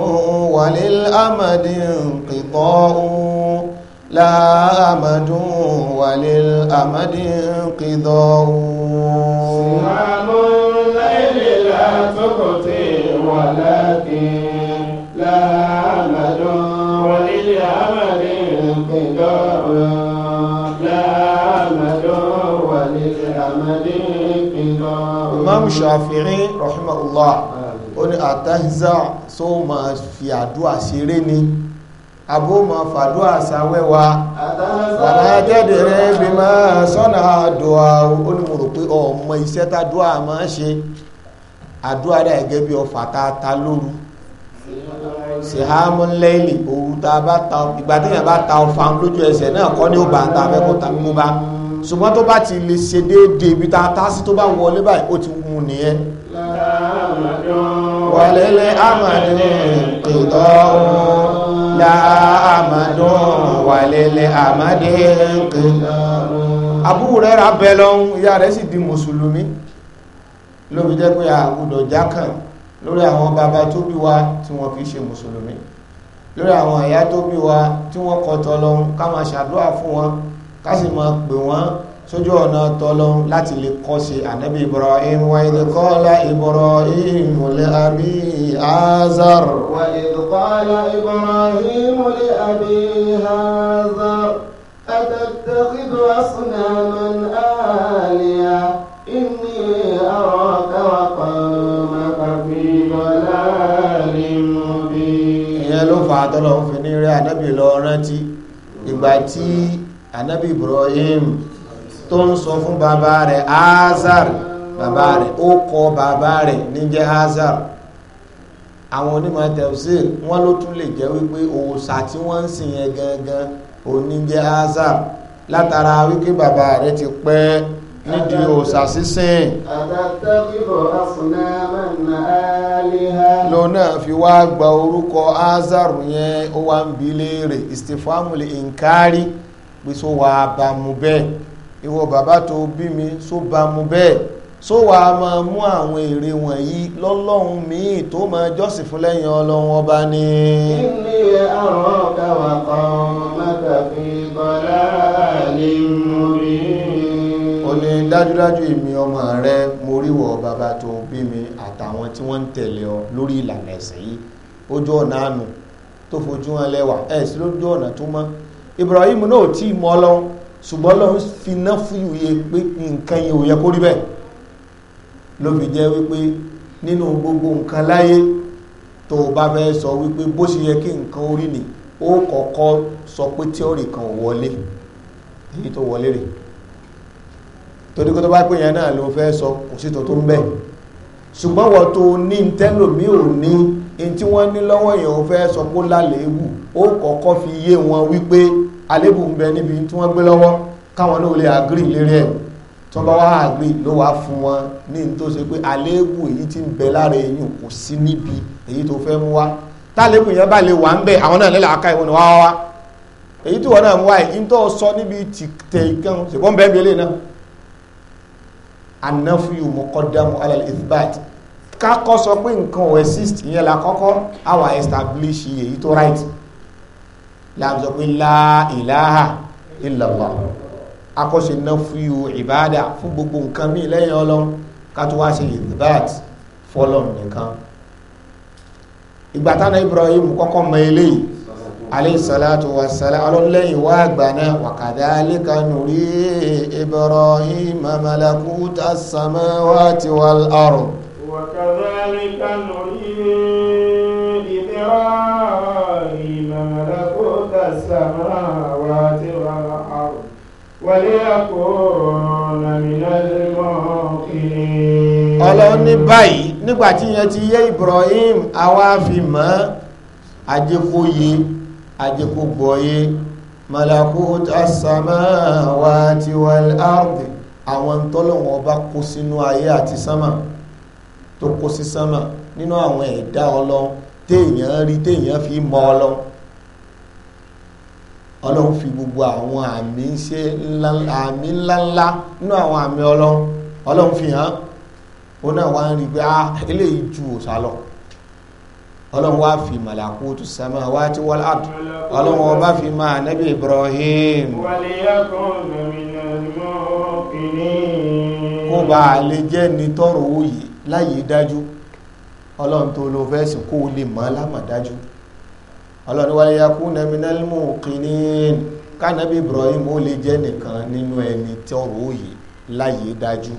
وللأمد انقطاع لا أمد وللأمد انقضاء سهام الليل لا تخطي ولكن لا أمد وللأمد انقضاء imam shafi'i rahimahullah ó ní àtàhíza tó máa fi àdúà ṣeré ni abó máa fàdúà sáwẹ́wà alájẹ́dẹ̀rẹ́ bí máa sọ́nà àdúà ó ní mo rò pé ọmọ iṣẹ́ tàdúà máa ṣe àdúà rẹ̀ gẹ́gẹ́ bí ọfà ta lóru sihamu lẹ́yìn òwú tá a bá ta ìgbà téèyàn bá ta ọfà lójú ẹsẹ̀ náà kọ́ ní òbá ta abẹ́kọ̀ tàbí mú bá ṣùgbọ́n tó bá ti lè ṣe déédéé ibi tá a ta sí tó bá wọlé báyìí ó ti mú nìyẹn. wàlélẹ̀ àmàdùn kìtọ́ la àmàdùn wàlélẹ̀ àmàdùn kìtọ́. àbúrò rẹ̀ ra bẹ́ẹ̀ lọ́hún ìyá rẹ̀ sì di mùsùlùmí ló fi jẹ́ pé àgùdọ̀ jákàn lórí àwọn bàbá tó bí wa tí wọn kì í ṣe mùsùlùmí lórí àwọn ìyá tó bí wa tí wọn kọ tọlọ́run ká máa ṣàdúrà fún wọn ká sì máa pè wọn sójú ọ̀nà tọlọ́run láti lè kọ́ sí ànábì Ibrahim wa idh qala Ibrahim li abi Azar. Azar أتتخذ أصناما آلهة إني أراك وقومك ìyẹn ló fà àtọ́lọ̀ ń fi ní rẹ̀ ànábì lọ rántí ìgbà tí ànábì Ibrahim tó ń sọ fún bàbá rẹ̀ Azar bàbá rẹ̀ ó kọ bàbá rẹ̀ níjẹ́ Azar àwọn onímọ̀ tẹ̀síl wọ́n ló tún lè jẹ́ wípé òòṣà tí wọ́n ń sìn yẹn gangan oníjẹ́ Azar látara wípé bàbá rẹ̀ ti pẹ́ nídìí òòsà sísìn lọ náà fi wá gba orúkọ azaru yẹn ó wá ń bi léèrè istifamuli nkari pé so wà bàmú bẹ́ẹ̀ ìwọ bàbá tó bí mi só bàmú bẹ́ẹ̀ só wà máa mú àwọn èrè wọ̀nyí lọ́lọ́run míì tó máa jọ́sìn fún lẹ́yìn ọlọ́run ọba ni. ilé àrùn ọ̀gá wà kan mọ́tàbí bọ́lá àlè múrin dájúdájú èmi ọmọ rẹ mo ríwọ̀ bàbá tó bí mi àtàwọn tí wọ́n ń tẹ̀lé ọ lórí ìlànà ẹ̀sìn yìí ojú ọ̀nà àánú tó fojú wọn lẹ́wà ẹ̀ sí lójú ọ̀nà tó mọ́ Ibrahim náà tí mọ́ lọ ṣùgbọ́n lọ fi ná fúyù yẹ pé nǹkan yìí ò yẹ kó rí bẹ́ẹ̀ ló fi jẹ́ wípé nínú gbogbo nǹkan láyé tó bá fẹ́ sọ wípé bó ṣe yẹ kí nǹkan orí ni ó kọ́kọ́ sọ pé tíọ́rì kan wọlé èyí tó wọlé rèé torí kó tó bá pèèyàn náà ló fẹ́ sọ kò sí tó tó ń bẹ̀ ṣùgbọ́n wọ́n tó ní tẹ́lòmí ò ní in tí wọ́n ní lọ́wọ́ èèyàn ò fẹ́ sọ kó lálẹ́wù ó kọ́kọ́ fi yé wọn wípé àlébù ń bẹ níbi tí wọ́n gbé lọ́wọ́ káwọn náà lè àgírí lérí ẹ̀ tó bá wá àgírí ló wá fún wọn ní tó ṣe pé àlébù èyí tí ń bẹ lára èyàn kò sí níbi èyí tó fẹ́ mú wá tálébù yẹn bá lè wà ń bẹ àwọn náà lẹ́la aká ìwọ̀n wá wá èyí tí wọ́n náà mú wá yìí sọ níbi tìtẹ̀ ìkan ṣùgbọ́n bẹ́ẹ̀ bẹ́ẹ̀ lè náà anafiyu muqaddamu alal ithbat kakọ sọ pé nǹkan ò exist ìyẹn la kọ́kọ́ àwa establish iye yìí tó right láàbù sọ pé la ilaha illallah akọ́ṣe nafiyu ìbáàdà fún gbogbo nǹkan míì lẹ́yìn ọlọ́run ká tó wá ṣe ithbat fọlọ́run nìkan ìgbà Ibrahim kọ́kọ́ mọ eléyìí alayhi salatu wa salam ọlọ́lẹ́yìn wá àgbà náà wa kadhalika nuri ibrahima malakuta as-samawati wal ard. wa kadhalika nuri ibrahima malakuta as-samawati wal ard waliyakuna minal muqinin. ọlọ́run ní báyìí nígbàtí yẹn ti yé ibrahim àwa fi ajẹ́kú gbọ́yé malakut as-samawati wal ardi àwọn tọ́lọ̀wọ̀n ọba kó sínú ayé àti sánmà tó kó sí sánmà nínú àwọn ẹ̀dá ọlọ́run téèyàn rí téèyàn fi mọ ọlọ́run ọlọ́run fi gbogbo àwọn àmì ṣe àmì ńláńlá nínú àwọn àmì ọlọ́run ọlọ́run fi hàn ó náà wá ń rí pé ah, eléyìí ju òsà lọ ọlọ́run wá fi malakutu samawati wal ard ọlọ́run ọba fi máa nẹ́bí ibrahim kó bá a lè jẹ́ ní tọrọ òye láyé dájú ọlọ́run tó lọ fẹ́ sìn kó o lè mọ́ lámà dájú ọlọ́run wal yakuna minal muqinin kánẹ́bí ibrahim ó lè jẹ́ nìkan nínú ẹni tọrọ òye láyé dájú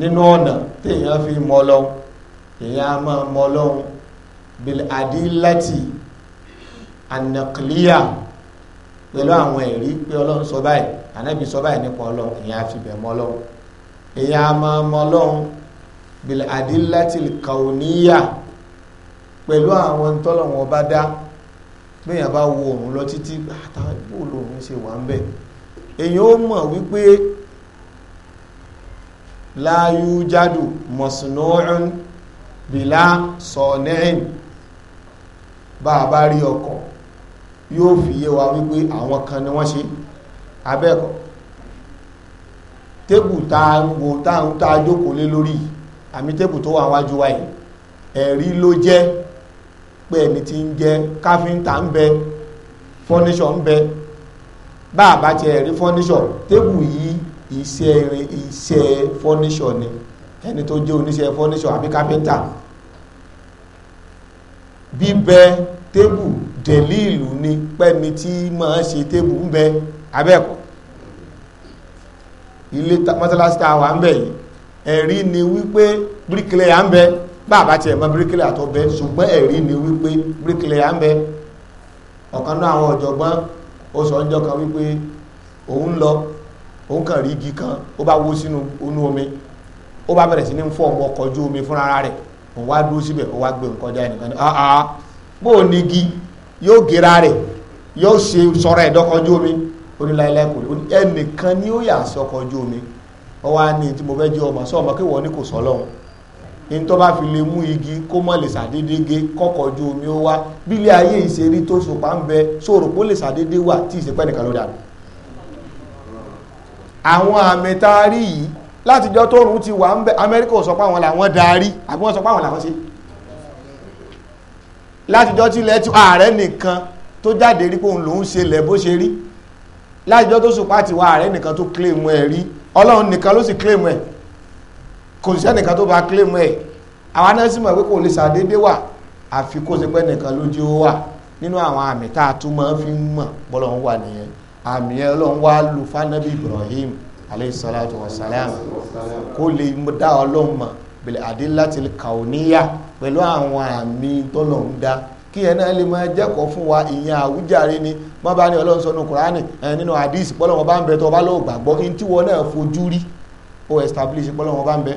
nínú ọ̀nà téèyàn fi mọ́ lọ́wọ́ èyàn á máa mọ ọlọ́run bil adilati anakiliya pẹ̀lú àwọn ẹ̀rí pé ọlọ́run sọ báyìí ànábì sọ báyìí nípa ọlọ́run èyàn á fi bẹ̀ mọ ọlọ́run èyàn á máa mọ ọlọ́run bil adilati kauniya pẹ̀lú àwọn tọ́lọ̀wọ̀n bá dá bẹ́yàn bá wo òun lọ títí àtàwọn ìbòlò òun ṣe wà ń bẹ̀ èyàn ó mọ̀ wípé láyú jádù mọ̀sùnúrún bìlá sọ̀nẹ́ẹ̀n bá a bá rí ọkọ̀ yóò fi yé wa wípé àwọn kan ni wọ́n ṣe abẹ́ẹ̀kọ́ tébù tá ń wo tá ń tá jókòó lé lórí àmì tébù tó wà wájú wa yìí ẹ̀rí ló jẹ́ pé ẹni tí ń jẹ́ káfíńtà ń bẹ fọ́níṣọ̀ ń bẹ bá a bá ti ẹ̀rí fọ́níṣọ̀ tébù yìí iṣẹ́ fọ́níṣọ̀ ni ẹni tó jẹ́ oníṣẹ́ fọ́níṣọ̀ àbí káfíńtà bíbẹ tébù dẹ̀líìlù ni pẹ́ni tí máa ṣe tébù ń bẹ abẹ́ẹ̀kọ́ ilé mọ́sálásí tá a yìí ẹ̀rí ni wípé bíríkìlẹ̀ à ń bẹ bàbá tiẹ̀ mọ bíríkìlẹ̀ àtọ́bẹ ṣùgbọ́n ẹ̀rí ni wípé bíríkìlẹ̀ à ń bẹ ọ̀kan náà àwọn ọ̀jọ̀gbọ́n ó sọ ọjọ́ kan wípé òun lọ òun kàn rí igi kan ó bá wó sínú omi ó bá bẹ̀rẹ̀ sí ní fọ́ ọmọ ọkọ̀ ojú omi fúnra rẹ̀ òun wá dúró síbẹ̀ ó wá gbé nǹkan já ẹnìkan ní ọ̀ọ́ bó o nígi yóò gera rẹ̀ yóò ṣe sọ̀rọ̀ ẹ̀dọ́kọjú omi oníláìláì kò ní ẹnìkan ni ó yà sọkọjú omi wọ́n wá ní tí mo fẹ́ jẹ́ ọmọ sọ́ọ̀mọ́ kí wọ́n ní kò sọ́lọ́hún ní tó bá fi lè mú igi kó mọ̀ lè sàdédé gé kọ́kọ́jú omi ó wá bílé ayé ìṣerí tó sòpá ń bẹ sóòrò kó lè sàdédé wà tí ìṣepẹ́ nìkan ló dànù àwọn àmì tá a rí yìí látijọ́ tó rùn ti wà ń bẹ amẹ́ríkà ò sọ pé àwọn làwọn darí àbí wọ́n sọ pé àwọn làwọn ṣe látijọ́ tí ilẹ̀ tí ààrẹ nìkan tó jáde rí pé òun lòún ṣe lẹ̀ bó ṣe rí látijọ́ tó sùpá ti wà ààrẹ nìkan tó claim ẹ̀ rí ọlọ́run nìkan ló sì claim ẹ̀ kò sí ẹnìkan tó bá claim ẹ̀ àwọn náà sì mọ̀ pé kò lè ṣàdédé wà àfi kó ṣe pé nìkan lójú ó wà nínú àwọn àmì tá a tún fi mọ̀ bọ́lọ́run wà Ibrahim aleyhi salatu salam kó lè dá ọlọ́run mọ̀ bẹ̀lẹ̀ adillatil kauniyya pẹ̀lú àwọn àmì tọ́lọ̀ ń dá kí ẹ náà lè máa jẹ́kọ̀ọ́ fún wa ìyẹn àwújáre ni wọ́n bá ní ọlọ́run sọ́nù kùránì nínú àdísì pọ́lọ́wọ́n bá ń bẹ tó bá lọ́wọ́ gbàgbọ́ in tí wọ́n náà fojú rí ó establish pọ́lọ́wọ́n bá ń bẹ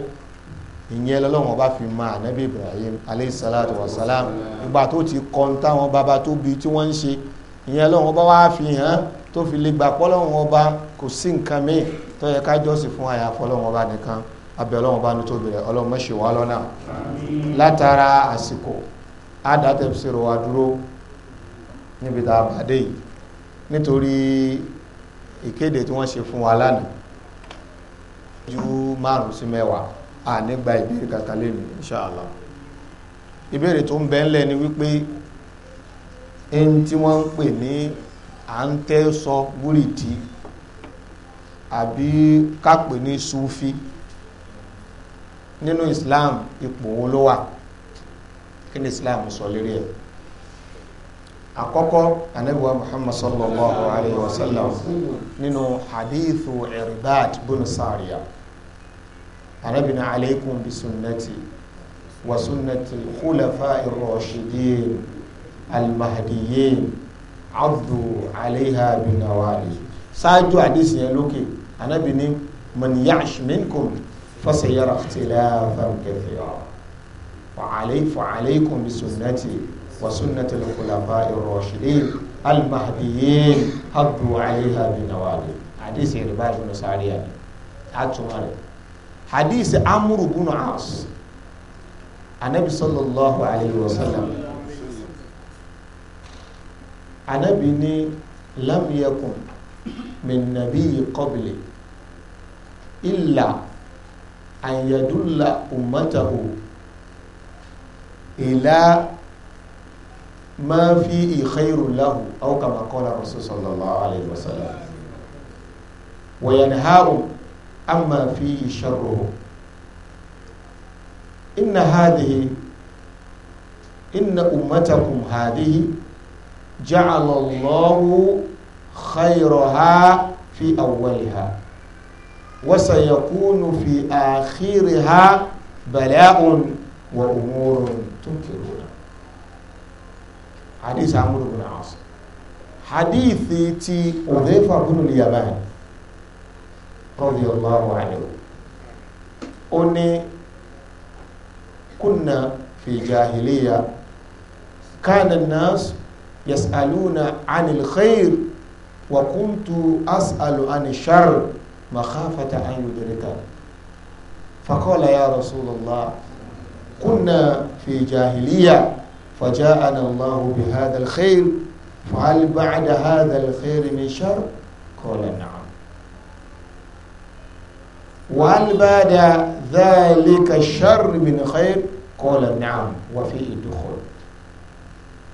ìyẹn lọ́lọ́wọ́n bá fi máa ànábì Ibrahim aleyhisalatu wasalam ìgbà tó ti kọ́ ń táwọn bàbá tó bi tí wọ́n ń ṣe ìyẹn lọ́wọ́n bá wá fi hàn tó fi lè gbà pọ́lọ́wọ́n bá kò sí nǹkan mìíràn tó yẹ ká jọ́sìn fún àyàfọ́ ọlọ́run ọba nìkan abẹ́ ọlọ́run ọba ní tóbi rẹ̀ ọlọ́run mọ́ṣẹ́ wa lọ́nà látara àsìkò àdá tẹ̀síro wa dúró níbi tá a bàdé yìí nítorí ìkéde tí wọ́n ṣe fún wa lánàá ju márùn-ún sí mẹ́wàá à nígbà ìbéèrè kankan lẹ́nu inṣàlá ìbéèrè tó ń bẹ ńlẹ̀ ni wípé ẹni tí wọ́n ń pè ní à ń tẹ́ sọ búrìdì àbí kápẹ́ ní sufi nínú islam ipò wo ló wà kí ni islam sọ lérí ẹ̀ àkọ́kọ́ anabiwa muhammad sallallahu alayhi wa sallam nínú hadithu irbad bin sariya anabina alaykum bi sunnati wa sunnati khulafa'i rashidin al-mahdiyyin 'addu bin nawali ṣáájú àdìsí yẹn lókè anabi ni man yash minkum fasayara ikhtilafan kathira fa'alaykum bisunnati wa sunnati al-khulafa'i ar-rashidin al-mahdiyyin haddu 'alayha bin-nawajid hadisi riba ibn sariya ni atumare hadisi amuru ibn as anabi sallallahu alayhi wa sallam anabi ni lam yakun min nabiyyi qabli ìlà àyẹ̀dúlà ummatahu ìlà máa fi khairu lahu aw kama qala rasul sallallahu alayhi wa sallam wa yanhahum amma fi sharruhu inna hadhihi إن أمتكم هذه جعل الله خيرها في أولها وسيكون في آخرها بلاء وأمور تنكرون حديث عمرو بن العاص حديث تي أضيف بن اليمان رضي الله عنه أني كنا في جاهلية كان الناس يسألون عن الخير وكنت أسأل عن الشر مخافة أن يدركه فقال يا رسول الله كنا في جاهلية فجاءنا الله بهذا الخير فهل بعد هذا الخير من شر قال نعم وهل بعد ذلك الشر من خير قال نعم وفي الدخول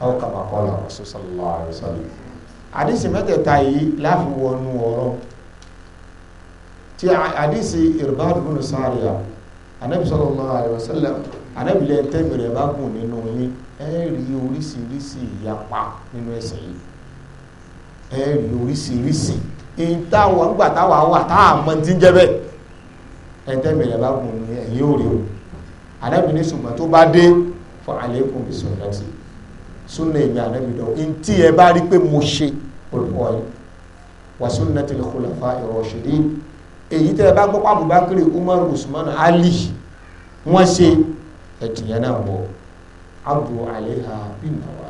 أو كما قال الرسول صلى الله عليه وسلم حديث متى تاي لا في ونورو ti àdìsí irbadu bin sariya anabi sallallahu alayhi wa sallam anabi lẹ tẹmẹrẹ bá gùn nínú yín ẹ rí oríṣiríṣi ìyapa nínú ẹsẹ̀ yìí ẹ rí oríṣiríṣi ìtawọ ńgbà táwa wà tá a mọ ti ń jẹ bẹ́ẹ̀ ẹ tẹmẹrẹ bá gùn ní ẹ̀yìn òrè o anabi ní ṣùgbọ́n tó bá dé fún aleikum bisunati sunna èmi anabi dọ ntí ẹ bá rí pé mo ṣe olùkọ́ yìí wà sunnati al-khulafa ar-rashidin èyí tẹ́ ẹ bá gbọ́ pàbùbákiri Umar Usman Ali wọ́n ṣe ẹ̀dìyàn náà wọ̀ abu aleha bímọ̀wá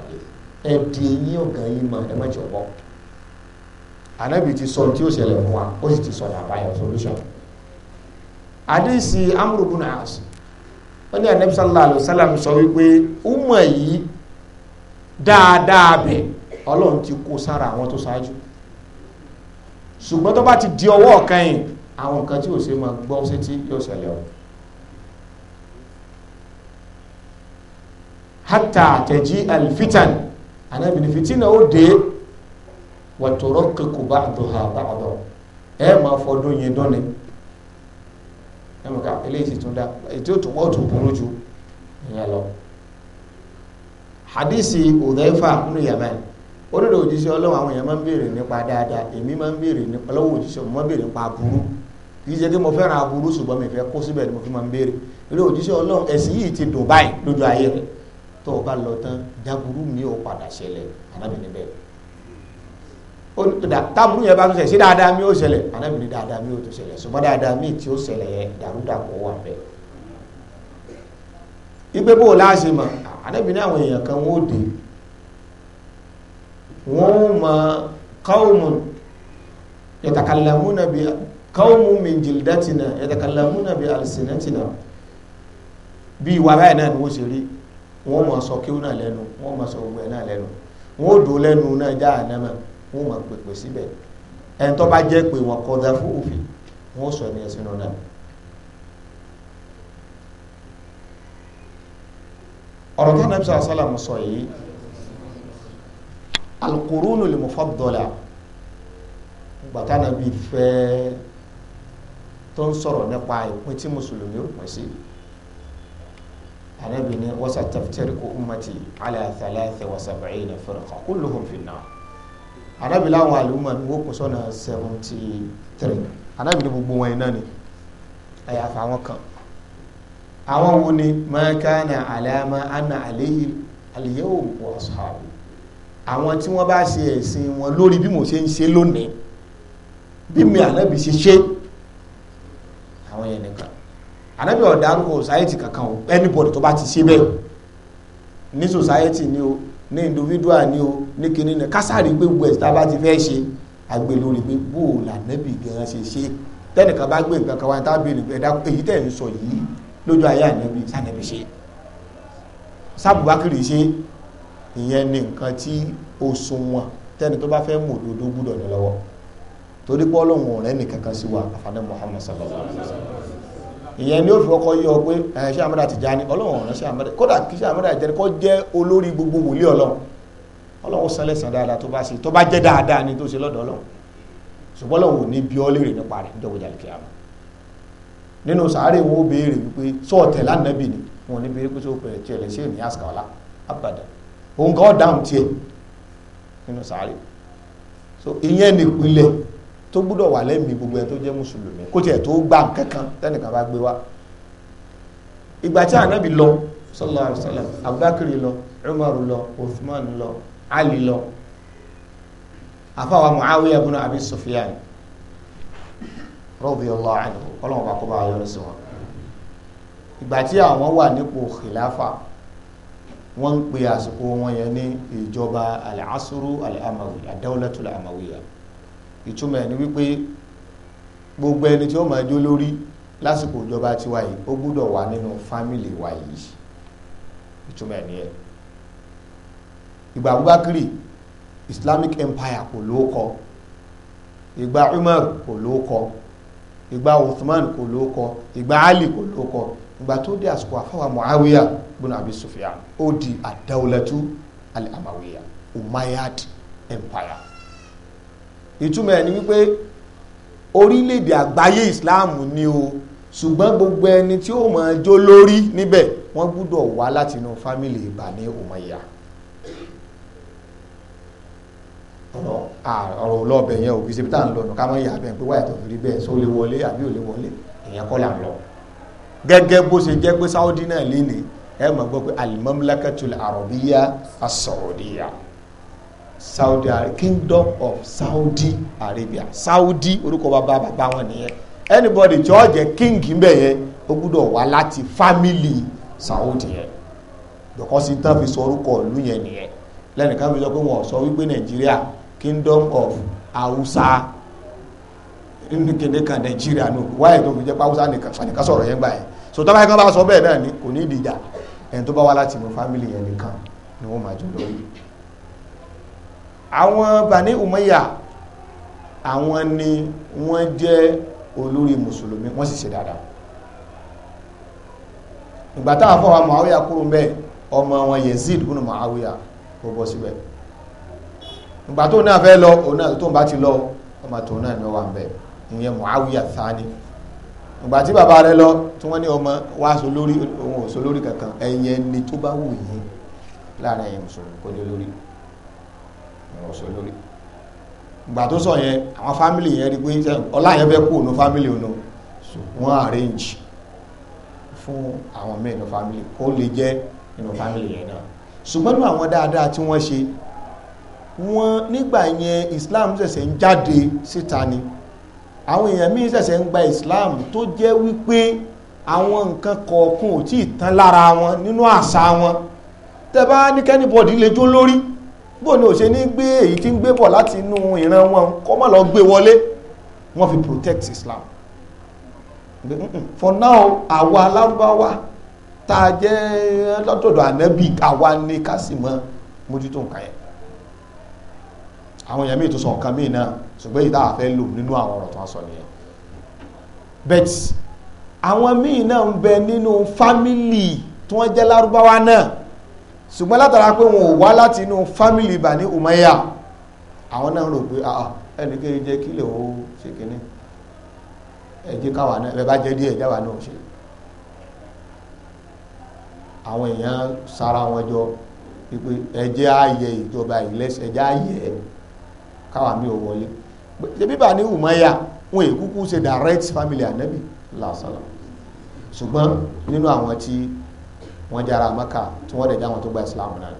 ẹ̀dì yín ọ̀gá yín mọ̀ ẹ̀ mọ̀jọ̀ bọ̀ anabi ti sọ tí ó ṣẹlẹ̀ fún wa ó sì ti sọ àbáyọ solution àdéhìsì amúrògùn àṣì wọ́n ní anabi sallallahu alayhi wa sallam sọ wípé umar yìí dáadáa bẹ̀ ọlọ́run ti kó sára àwọn tó ṣáájú ṣùgbọ́n tó bá ti di ọwọ́ kan yìí àwọn nǹkan tí ò ṣe máa gbọ́ sétí yóò ṣẹlẹ̀ o. hata tẹ̀jí alfitan anábìnrin fitina ó dé wàtòrọ́ kíkù bá àdùhà bá àdọ̀ ẹ máa fọdún yẹn dọ́ni ẹ mọ̀ ká eléyìí ti tún dá ètò tó wọ́n tó burú ju ìyẹn lọ. hadisi Udhaifa nínú Yaman onídàá òjíṣẹ́ ọlọ́run àwọn èèyàn máa ń béèrè nípa dáadáa èmi máa ń béèrè nípa lọ́wọ́ òjíṣẹ́ mo máa ń béèrè nípa burú kì í ṣe kí mo fẹ́ràn aburú ṣùgbọ́n mi fẹ́ kó síbẹ̀ ni mo fi máa ń béèrè eré òjíṣẹ́ ọlọ́run ẹ̀sìn yìí ti dùn báyìí lójú ayé rẹ̀ tó o bá lọ tán jaburú mi ò padà ṣẹlẹ̀ anábìnrin bẹ́ẹ̀ táburú yẹn bá tún ṣẹlẹ̀ sí dáadáa mi ò ṣẹlẹ̀ anábìnrin dáadáa mi ò tún ṣẹlẹ̀ ṣùgbọ́n dáadáa mi tí ó ṣẹlẹ̀ yẹn dàrúdàpọ̀ wà bẹ́ẹ̀ ipe bó o láṣẹ mọ anábìnrin àwọn èèyàn kan wọn ò dé wọn ò mọ káwọn mọ yàtàkàlà múnabi qawmun min jildatina yatakallamuna bi alsinatina bí ìwà báyìí náà ni wọ́n ṣe rí wọ́n máa sọ kí ó náà lẹ́nu wọ́n máa sọ gbogbo ẹ̀ náà lẹ́nu wọ́n ó dò lẹ́nu náà já ànámà wọ́n máa pèpè síbẹ̀ ẹni bá jẹ́ pé wọ́n kọjá fún òfin wọ́n sọ ẹni ẹ̀sìn náà ọ̀rọ̀ tó nàbí sọ̀rọ̀ sálàmù sọ yìí alqurunul mufaddala gbàtà nàbí fẹ́ẹ́ tó ń sọ̀rọ̀ nípa ìpín tí mùsùlùmí ò pín sí anabi ni wasa taftariku ummati ala thalatha wa sab'ina firqa kulluhum fi an-nar anabi láwọn àlùmọ̀ mi wọ́n kún sọ́nà seventy three anabi ni gbogbo wọn iná ni àyàfà àwọn kan àwọn wo ni ma kana ala ma ana alayhi al àwọn tí wọ́n bá ṣe ẹ̀sìn wọn lórí bí mo ṣe ń ṣe lónìí bí mi ànábì ṣe ṣe àwọn yẹn nìkan ànábì ọ̀dárúkọ society kankan o anybody tó bá ti ṣe bẹ́ẹ̀ ní society ni o ní individual ni o ní kinní ni kásárì gbé west tá a bá ti fẹ́ ṣe àgbè lórí pé bó o là nẹ́bì gan ṣe ṣe tẹ́nìkan bá gbé nǹkan kan wá tábìlì nípa ẹ̀dá èyí tẹ̀ ń sọ yìí lójú ayé ànẹ́bì sànẹ́bì ṣe sábùbákìrì ṣe ìyẹn ni nǹkan tí ó sunwọ̀n tẹ́ni tó bá fẹ́ mọ̀ òdodo gbúdọ̀ ní torí pé ọlọ́run ọ̀rẹ́ nìkan kan sí wa àfàdé Muhammad sallallahu alaihi wasallam ìyẹn ni ó fi ọkọ yọ pé ẹ̀hìn ṣé àmọ́dá Tìjání ọlọ́run ọ̀rẹ́ ṣé àmọ́dá kódà kí ṣé àmọ́dá ìjẹni kọ́ jẹ́ olórí gbogbo wòlíì ọlọ́run ọlọ́run sẹ́lẹ̀ sàn dáadáa tó bá ṣe tó bá jẹ́ dáadáa ni tó ṣe lọ́dọ̀ ọlọ́run ṣùgbọ́n ọlọ́run ò ní bí ọ́ léèrè nípa rẹ̀ níjọ́ ìjàlè kíá nínú sàárè wọn ó ni wọn ní béèrè pé sọ́ọ̀pẹ̀ tiẹ̀ lè ṣe ìmìyàn sàkàlà àbàdàn tó gbúdọ̀ wà lẹ́mìí gbogbo ẹ̀ tó jẹ́ mùsùlùmí kó tiẹ̀ tó gbà kankan tẹ́nìkan bá gbé wá ìgbà tí ànábì lọ sallallahu alaihi wasallam abubakar lọ umar lọ uthman lọ ali lọ àfàwà muawiya ibn abi sufyan radiyallahu anhu ọlọ́run bá kó bá yọrọ sí wọn ìgbà tí àwọn wà nípò khilafa wọ́n ń pe àsìkò wọn yẹn ní ìjọba al-asru al-amawi ad-dawlatu al-amawiya. al asru al amawi ad dawlatu amawiya ìtumọ̀ ni wípé gbogbo ẹni tí ó máa jó lórí lásìkò ìjọba tiwa yìí ó gbúdọ̀ wà nínú fámìlì wa yìí ìtumọ̀ ẹ̀ ìgbà Abubakar Islamic Empire kò ló kọ ìgbà Umar kò ló kọ ìgbà Uthman kò ló kọ ìgbà Ali kò ló kọ ìgbà tó dé àsìkò àfáwà Muawiya bin Abi Sufyan ó di àdáwọlẹ́tú al-Amawiya Umayyad Empire ìtumọ̀ ẹ̀ ni wípé orílẹ̀-èdè àgbáyé islam ni o ṣùgbọ́n gbogbo ẹni tí ó mọ̀ jó lórí níbẹ̀ wọ́n gbúdọ̀ wá láti inú fámìlì Bani Umayya ọ̀rọ̀ ọlọ́ọ̀bẹ̀ yẹn ò kì í ṣe bí tá à ń lọ nù ká mọ̀ yà bẹ́ẹ̀ pé wáyà tó fi rí bẹ́ẹ̀ só lè wọlé àbí ò lè wọlé èèyàn kọ́ là ń lọ gẹ́gẹ́ bó ṣe jẹ́ pé Saudi náà lé ní ẹ mọ̀ gbọ́ pé al-Mamlakatul Arabiya as-Saudiya. Saudi Kingdom of Saudi Arabia Saudi orúkọ bàbá bàbá wọn nìyẹn anybody tí ó jẹ́ king ńbẹ yẹn ó gbúdọ̀ wá láti family Saudi yẹn because ìtàn fi sọ orúkọ ìlú yẹn nìyẹn lẹ́nìkan fi sọ pé wọ́n sọ wípé Nàìjíríà Kingdom of Hausa nínú kéde kan nàìjíríà nù wáyé tó fi jẹ́ pàwùsá nìkan fàníkà sọ̀rọ̀ yẹn gbà yẹn so tọ́ba kan bá sọ bẹ́ẹ̀ náà ni kò ní ìdíjà ẹni tó bá wá láti mọ fámìlì yẹn nìkan ni wọ́n máa jù lórí àwọn bani umaya, àwọn ni wọ́n jẹ́ olórí mùsùlùmí wọ́n sì ṣe dáadáa ìgbàtà àfọwà Muawiya kúrò mẹ́ ọmọ wọn Yazid ibn Muawiya kò bọ́ síbẹ̀ ìgbà tó náà fẹ́ lọ òun náà tó ń bá ti lọ ọmọ tó náà ní ọwà mẹ́ ìyẹn Muawiya Thani ìgbà tí bàbá rẹ̀ lọ tí wọ́n ní ọmọ wá sólórí òun ò kankan ẹ̀yẹn ni tó bá wù yín láàrin ẹ̀yìn mùsùlùmí kò lórí ọ̀rọ̀ sọ lórí ìgbà tó sọ yẹn àwọn fámìlì yẹn rí pé ọlá yẹn fẹ́ kú ònú fámìlì ònú wọ́n arrange fún àwọn míì nínú fámìlì kó lè jẹ́ nínú fámìlì yẹn náà ṣùgbọ́n ní àwọn dáadáa tí wọ́n ṣe wọ́n nígbà yẹn Islam ṣẹ̀ṣẹ̀ ń jáde síta ni àwọn èèyàn míì ṣẹ̀ṣẹ̀ ń gba Islam tó jẹ́ wípé àwọn nǹkan kọ̀ọ̀kan ò tí ì tán lára wọn nínú àṣà wọn tẹ́ bá ní kẹ́nìbọ̀dì lè lórí bó ni ò ṣe ní gbé èyí tí ń gbé bọ̀ láti inú ìran wọn kọ́ mọ̀ lọ gbé wọlé wọ́n fi protect Islam for now àwa alárúbáwá tá a jẹ́ lọ́dọ̀dọ̀ ànábì àwa ní ká sì mọ mójútó nǹkan yẹn àwọn èèyàn míì tó sọ nǹkan míì náà ṣùgbọ́n èyí táwa fẹ́ lò nínú àwọn ọ̀rọ̀ tó wọ́n sọ nìyẹn bet àwọn míì náà ń bẹ nínú fámìlì tí wọ́n jẹ́ lárúbáwá náà ṣùgbọ́n látara pé wọn ò wá láti inú fámìlì Bani umaya, àwọn náà rò pé ah, ah, ẹnìkéyìí jẹ́ kílẹ̀ ó ṣe kínní ẹjẹ́ káwà náà ẹ bá jẹ́ díẹ̀ jáwà náà ṣe àwọn èèyàn sára wọn jọ pípé ẹjẹ́ ààyè ìjọba ìlẹ́sẹ̀ ẹjẹ́ ààyè káwà mi ò wọlé ṣe bíbà ní Umayya wọn èkúkú ṣe direct family ànábì lásàlá ṣùgbọ́n nínú àwọn tí wọ́n jẹ́ ara maka tí wọ́n dẹ̀ jẹ́ tó gba islam náà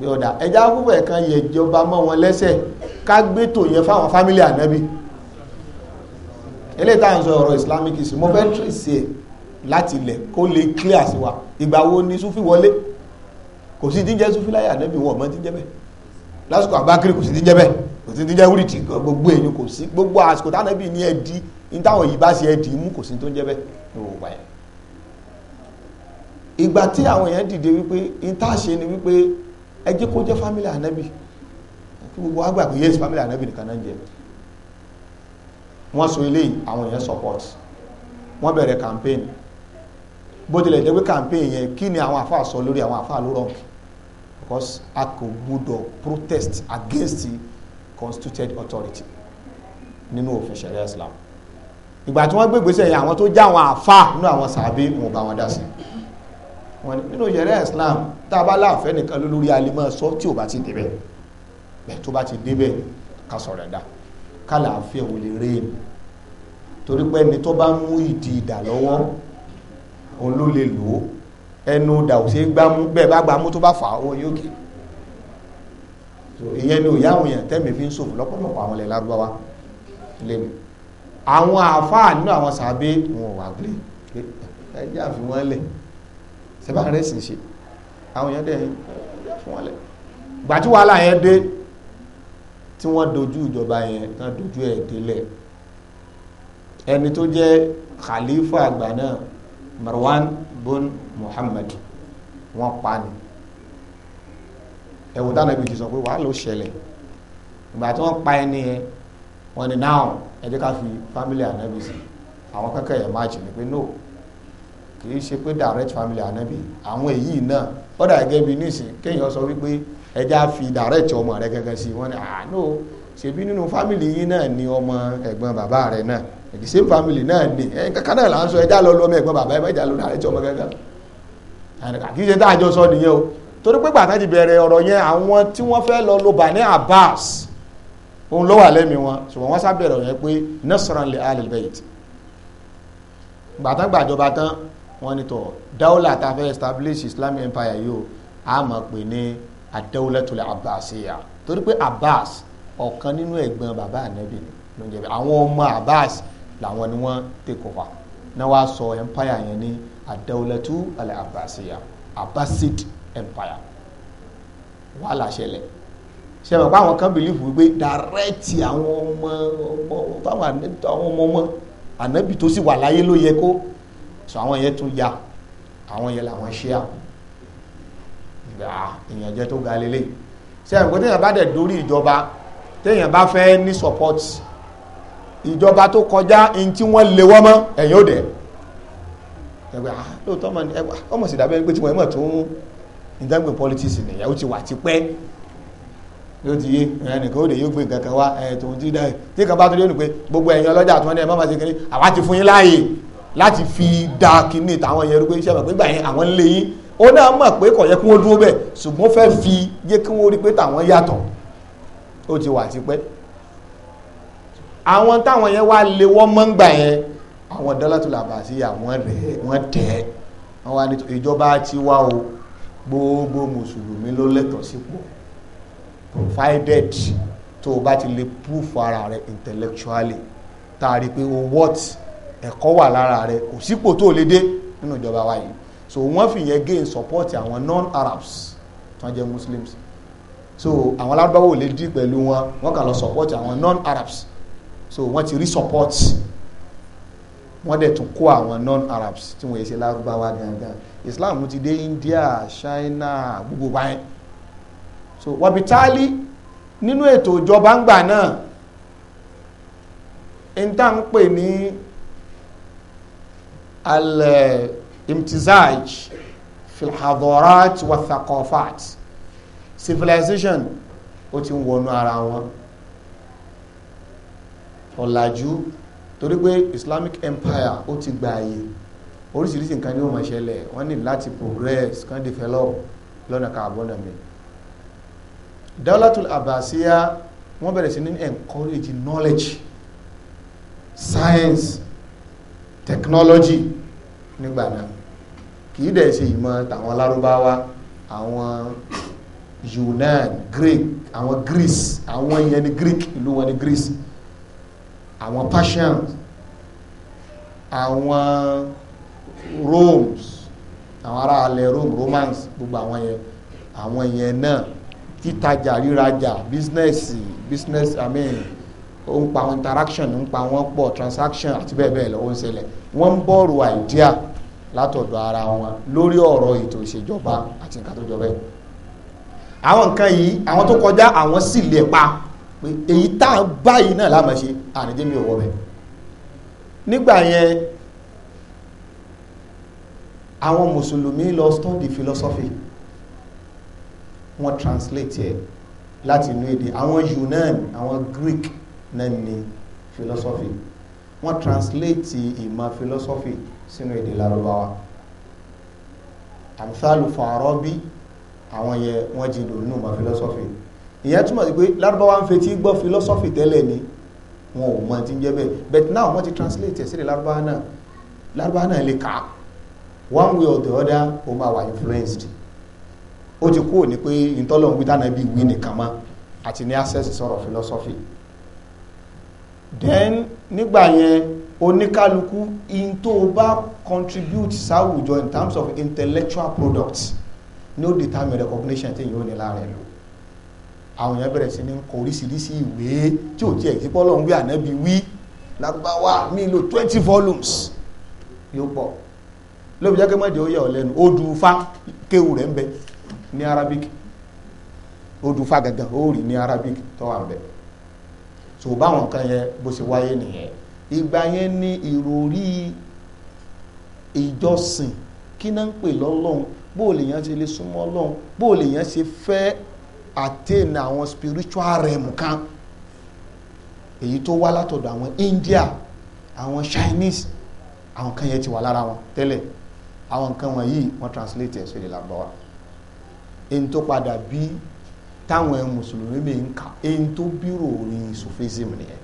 bí ọ̀dà ẹja púpọ̀ ẹ̀kan yẹ jọba mọ́ wọn lẹ́sẹ̀ ká gbẹ́tò yẹn fáwọn fámílì ànábì eléyìí táwọn sọ ọ̀rọ̀ islamic ism mo fẹ́ tírì sí ẹ̀ láti ilẹ̀ kó lè clear sí wa ìgbà wo ni sufi wọlé kò sí díjẹ́ sufi láyé ànábì wọn ọ̀mọ́ díjẹ́ bẹ́ẹ̀ lásìkò àbákiri kò sí díjẹ́ bẹ́ẹ̀ kò sí díjẹ́ wúrìtì gbogbo èèyàn kò sí gbogbo àsìkò táwọn ànábì ní ẹ̀ di ní táwọn yìí bá ṣe ẹ̀ dì í mú kò sí tó ń jẹ́ bẹ́ẹ̀ ní òwò báyìí ìgbà tí àwọn èèyàn dìde wípé ìtàṣe ni wípé ẹ jẹ́ kó jẹ́ fámílì ànábì kí gbogbo wa gbà pé yẹ́sì fámílì ànábì nìkan náà ń jẹ wọ́n sọ eléyìí àwọn èèyàn support wọ́n bẹ̀rẹ̀ campaign bó tilẹ̀ jẹ́ pé campaign yẹn kí ni àwọn àfáà sọ lórí àwọn àfáà ló rọrùn because a kò gbúdọ̀ protest against the constituted authority nínú òfin ṣẹ̀ríà Islam ìgbà tí wọ́n gbé ìgbésẹ̀ yẹn àwọn tó já àwọn àfáà nínú àwọn sàbí wọn ò bá wọn dá sí i wọn nínú yẹrẹ Islam tá a bá láàfẹ́ nìkan lórí alimọ̀ sọ tí ò bá ti débẹ̀ bẹ́ẹ̀ tó bá ti débẹ̀ ká sọ̀rọ̀ dá kálàáfíà ò lè rèé torí pé ẹni tó bá mú ìdí ìdà lọ́wọ́ òun ló lè lò ó ẹnu ìdà ò sí gbámú bẹ́ẹ̀ bá gbámú tó bá fà á òun yóò kì ìyẹn ni òyà àwọn èèyàn tẹ́mi fi ń ṣòfò lọ́pọ̀lọpọ̀ àwọn ilẹ̀ lárúbáwá lẹ́nu àwọn àáfàá nínú àwọn sàbẹ̀ wọn ò wà gbé ẹjẹ́ àfi wọ́n lẹ̀ sẹ́bà ń rẹ́sìn ṣe àwọn èèyàn dẹ̀ fún wọn lẹ̀ gbà tí wàhálà yẹn dé tí wọ́n dojú ìjọba yẹn tán dojú ẹ̀ délẹ̀ ẹni tó jẹ́ khalifa àgbà náà Marwan bon Muhammad wọ́n pa ni ẹ̀wọ̀n dáná ibi ti sọ pé wàhálà ó ṣẹlẹ̀ ìgbà tí wọ́n pa ẹni yẹn wọ́n ní náà ẹ jẹ́ ká fi fámílì ànábì sí àwọn kẹ́kẹ́ yẹn máa jì ní pé no kìí ṣe pé direct family ànábì àwọn èyí náà ọ̀dà gẹ́gẹ́ bí nísìn kéèyàn sọ wípé ẹja fi direct ọmọ rẹ gẹ́gẹ́ sí wọ́n ní àánú ah, ṣèbí nínú family yìí náà ni ọmọ ẹ̀gbọ́n bàbá rẹ náà the same family náà ni ẹ̀ kankan náà là ń sọ ẹja lọ lọ́mọ ẹ̀gbọ́n bàbá ẹ̀mẹ́jà lọ direct ọmọ gẹ́gẹ́ kìí ṣe dáàjọ sọ nìyẹn o torí pé gbàtà ti bẹ̀rẹ̀ ọ̀rọ̀ yẹn àwọn tí wọ́n fẹ́ lọ lọ bà Abbas òun ló wà lẹ́mìí wọn ṣùgbọ́n wọ́n sábẹ̀rẹ̀ yẹn pé nasran li alil gbàjọba tán wọ́n ní tọ̀ dáwọ́lá tá fẹ́ establish Islamic empire yìí o a máa pè ní adáwọ́lẹ́tòlè Abbasiya torí pé Abbas ọ̀kan nínú ẹ̀gbọ́n bàbá ànábì ni ló ń jẹ́ àwọn ọmọ Abbas làwọn ni wọ́n take over náà wàá sọ empire yẹn ní adáwọ́lẹ́tòlè Abbasiya Abbasid empire wàhálà ṣẹlẹ̀ ṣẹlẹ̀ pé àwọn kan bìlífù wípé dàrẹ́tì àwọn ọmọ ọmọ àwọn ọmọ ọmọ ànábì tó sì wà láyé ló yẹ kó so àwọn yẹn tún ya àwọn yẹn làwọn ṣíà gbà ìyànjẹ tó ga lélẹ̀ ṣe àgbẹ̀ téèyàn bá dẹ̀ dórí ìjọba téèyàn bá fẹ́ ní support ìjọba tó kọjá ní tí wọ́n lé wọ́n mọ́ ẹ̀yìn òde ẹgbẹ́ ah lóòótọ́ ọmọ ẹgbẹ́ ọmọ sì dábẹ́ pé tí wọ́n mọ̀ tó ń ìdágbé politics nìyà ó ti wà ti pẹ́ yóò ti yé ẹnìkan ó lè yóò gbé nǹkan wá ẹ̀ tòun ti dá ẹ̀ tí kan bá tó lé ònù pé gbogbo ẹ̀yin ọlọ́jà tó mọ́ máa ṣe kiri àwa ti fún yín láàyè láti fi da kinní tàwọn yẹn rúgbé iṣẹ́ mọ̀ pé gbà yẹn àwọn lé yín ó náà mọ̀ pé kò yẹ kí wọ́n dúró bẹ́ẹ̀ ṣùgbọ́n fẹ́ fi yé kí wọ́n rí pé tàwọn yàtọ̀ ó ti wà tipẹ́ àwọn táwọn yẹn wá lé wọ́n mọ́ ń gbà yẹn àwọn dọ́làtúlà bá sí àwọn rẹ̀ wọ́n tẹ̀ wọ́n wá ní ìjọba ti wá o gbogbo mùsùlùmí ló lẹ́tọ̀ọ́ sípò provided tó o bá ti lè proof ara rẹ̀ intellectually tá a rí pé o worth ẹ̀kọ́ wà lára rẹ̀ kò sípò tó lè dé nínú ìjọba wa yìí so wọ́n fi yẹn gain support àwọn non-Arabs tó jẹ́ Muslims so àwọn alábáwò lè dí pẹ̀lú wọn wọ́n kà lọ support àwọn non-Arabs so wọ́n ti rí support wọ́n dẹ̀ tún kó àwọn non-Arabs tí wọ́n yẹ ṣe lárúbáwá gangan Islam ti dé India China gbogbo báyìí so wọ́n bi táálí nínú ètò ìjọba ń gbà náà ń tá ń pè ní الامتزاج في الحضارات والثقافات، civilization ó ti ń wọnú ara wọn ọ̀làjú torí pé Islamic Empire ó ti gba àyè oríṣiríṣi nǹkan ni ó máa ṣẹlẹ̀ wọ́n ní láti progress kan develop lọ́nà kàbọ́nà mi Dawlatul Abbasiya wọ́n bẹ̀rẹ̀ sí ní encourage knowledge science technology nígbà náà kì í dẹ̀ ṣe ìmọ̀ tàwọn lárúbáwá àwọn Yunan Greek àwọn Greece àwọn ìyẹn ni Greek ìlú wọn ní Greece àwọn Persians àwọn Romes àwọn ará alẹ̀ Rome Romans gbogbo àwọn yẹn àwọn yẹn náà títajà rírajà bísínẹ́sì business, I mean ó ń pa àwọn interaction ń pa àwọn pọ̀ transaction àti bẹ́ẹ̀ bẹ́ẹ̀ lọ ó ń ṣẹlẹ̀ wọ́n ń bọ̀rù idea látọ̀dọ̀ ara wọn lórí ọ̀rọ̀ ètò ìṣèjọba àti nǹkan tó jọ bẹ́ẹ̀ àwọn nǹkan yìí àwọn tó kọjá àwọn sì lè pa pé èyí tá a báyìí náà láàmú ṣe àníjẹ́ mi ò wọ́ bẹ̀ nígbà yẹn àwọn mùsùlùmí lọ study philosophy wọ́n translate ẹ̀ láti inú èdè àwọn Yunan àwọn Greek náà ni philosophy wọ́n translate ìmọ̀ philosophy sínú èdè Lárúbáwá àmìsàlù fàárọ́bí àwọn yẹn wọ́n jí lò nínú ìmọ̀ philosophy ìyẹn túmọ̀ sí pé Lárúbáwá ń fetí gbọ́ philosophy tẹ́lẹ̀ ni wọn ò mọ̀ tí ń jẹ́ bẹ́ẹ̀ but now wọ́n ti translate ẹ̀ sílẹ̀ Lárúbáwá náà Lárúbáwá náà lè kà one way or the other ó máa wà influenced ó ti kúrò ní pé ìtọ́lọ̀ ń wí dáná bí wí nìkan mọ́ àti ní access sọ̀rọ̀ philosophy then nígbà yẹn oníkálukú in tó bá contribute sáwùjọ in terms of intellectual products No determine recognition tí yóò ní láàrin lò àwọn èèyàn bẹ̀rẹ̀ sí ní kọ oríṣiríṣi ìwé tí ò tí ẹ̀ sí pọ́lọ̀ ń wí ànábi wí lágbàwá mi lo twenty volumes yóò pọ̀ lóbi jẹ́ kẹ́mọ́dé ó yẹ ọ lẹ́nu ó du fa kéwù rẹ̀ ń bẹ ní arabic ó du fa gàgà ó rí ní arabic tó wà ń bẹ so báwọn nǹkan yẹn bó ṣe wáyé nìyẹn ìgbà yẹn ní ìròrí ìjọsìn kí náà ń pè lọ́lọ́run bó lèèyàn ṣe lè súnmọ́ Ọlọ́run bó lèèyàn ṣe fẹ́ attain àwọn spiritual realm kan èyí tó wá látọ̀dọ̀ àwọn India àwọn Chinese àwọn kan yẹn ti wà lára wọn tẹ́lẹ̀ àwọn nǹkan wọ̀nyí wọ́n translate ẹ̀ sórí làgbà wa èyí tó padà bí táwọn mùsùlùmí mi ń kà èyí tó bírò orin sufism nìyẹn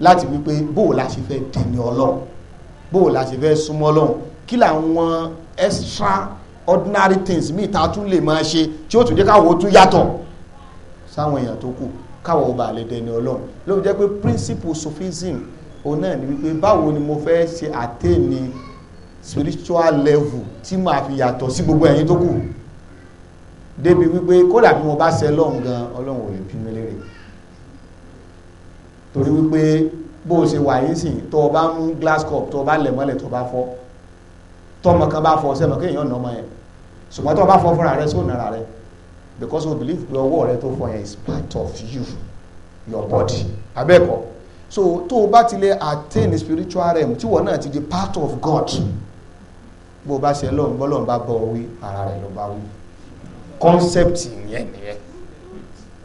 láti wípé bóò la ṣe fẹ́ dẹni ọlọ́run bóò la ṣe fẹ́ súnmọ́ ọlọ́run kí làwọn extra ordinary things míì tá a tún lè máa ṣe tí ó tún jẹ́ káwọ́ tún yàtọ̀ sáwọn èèyàn tó kù káwọ́ ọba àlẹ́ dẹni ọlọ́run ló fi jẹ́ pé principle sufism òun náà ni wípé báwo ni mo fẹ́ ṣe àtẹ́ni spiritual level tí màá fi yàtọ̀ sí gbogbo ẹ̀yin tó kù débi wípé kódà bí mo bá ṣe lọ́hùn gan ọlọ́run ò lè bí mi lérè torí wípé bó o ṣe wà yín sìn tó o bá mú glass cup tó o bá lẹ̀ mọ́lẹ̀ tó o bá fọ́ tọmọ kan bá fọ́ sẹ́mọ̀ kéèyàn nà ọmọ yẹn ṣùgbọ́n tó o bá fọ́ fúnra rẹ sóò nara rẹ because we believe pé ọwọ́ rẹ tó fọ́ yẹn is part of you your body abẹ́ẹ̀kọ́ so tó o bá ti lè attain spiritual realm tí wọ́n náà ti di part of God bó o bá ṣe lọ́nbọ́lọ́nba bọ̀ wí ara rẹ̀ ló bá wí concept yẹn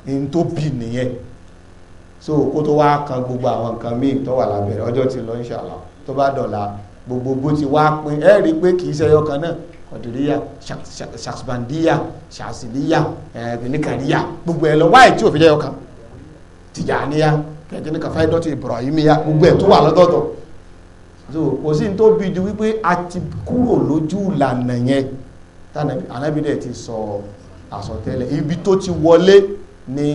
nìyẹn n tó bì nìyẹn so kó tó wá kan gbogbo àwọn nǹkan míì tó wà lábẹ́rẹ́ ọjọ́ ti lọ inṣàlá tó bá dọ̀la gbogbo bó ti wá pín ẹ rí i pé kì í ṣẹyọ kan náà kọdùríyà ṣàṣbàndíyà ṣàṣìlíyà ẹ̀ẹ́dínníkàríyà gbogbo ẹ̀ lọ wáyé tí òfin jẹ́yọ kan tìjàníyà kẹ̀kẹ́ ní kàfáì dọ́tí ibrahimiya gbogbo ẹ̀ tó wà lọ́dọ̀ọ̀dọ̀ so kò sí tó bí ju wípé a ti kúrò lójú ìlànà yẹn tánàbí anábìdẹ̀ ti sọ ọ́ àsọtẹ́lẹ̀ ibi tó ti wọlé ní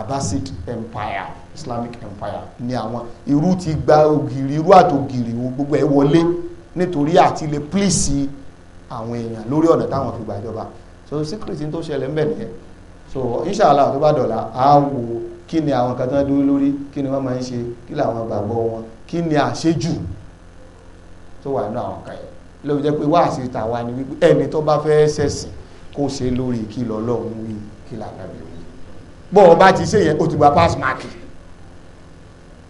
Abbasid empire Islamic empire ni àwọn irú ti gba ògiri irú àtògiri gbogbo ẹ̀ wọlé nítorí àti lè pílìsì àwọn èèyàn lórí ọ̀nà táwọn fi gbàjọba so secret tó ṣẹlẹ̀ ń bẹ nìyẹn so inshallah tó bá dọ̀la á wo kí ni àwọn kan tó ń dúró lórí kí ni wọ́n máa ń ṣe kí làwọn gbàgbọ́ wọn kí ni àṣejù tó wà nínú àwọn kan yẹn lóbi jẹ́ pé wáàsí tàwa ni wípé ẹni tó bá fẹ́ ṣẹ̀sìn kó ṣe lórí kí lọ́lọ́run wí kí lànàbì wí bọ́ ọ bá ti ṣe yẹn o ti gba pass mark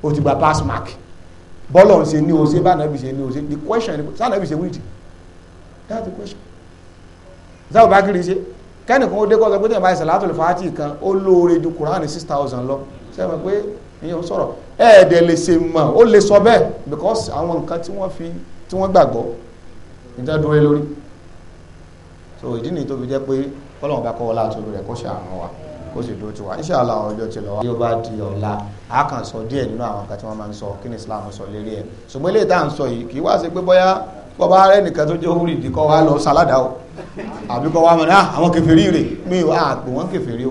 o ti gba pass mark bọ́lọ̀ ń ṣe ní o ṣe bánàbì ṣe ní o the question ni sànàbì ṣe wíìtì that's the question sáwọ bá kiri ṣe kẹ́nìkan ó dé kọ́ sọ pé tẹ̀yìn bá ṣe látòlè fàátì kan ó lóore ju kùránì six thousand lọ sẹ́wọ̀n pé ìyẹn ó sọ̀rọ̀ ẹ̀ẹ́dẹ̀ lè ṣe mọ̀ ó lè sọ bẹ́ẹ̀ because àwọn nǹkan tí wọ́n fi tí wọ́n gbàgbọ́ ìdádúró lórí so ìdí nìyí tó fi jẹ́ pé kọ́lọ́wọ́n bá kọ́wọ́ láti olú rẹ̀ kó ṣe àrùn wa kó sì dúró tiwa inṣàlá àwọn ọjọ́ ti lọ wa. bí ó bá di ọ̀la a kàn sọ díẹ̀ nínú àwọn nǹkan tí wọ́n máa ń sọ kí ni Islam sọ lérí ẹ̀ ṣùgbọ́n eléyìí tá à ń sọ yìí kì í wá sí pé bóyá kọ́ bá rẹ̀ tó jẹ́ òwúrì ìdí kọ́ wá lọ sáládà o àbí kọ́ wá mọ̀ ah, àwọn kèfèrí rè mí ò àpò wọn kèfèrí o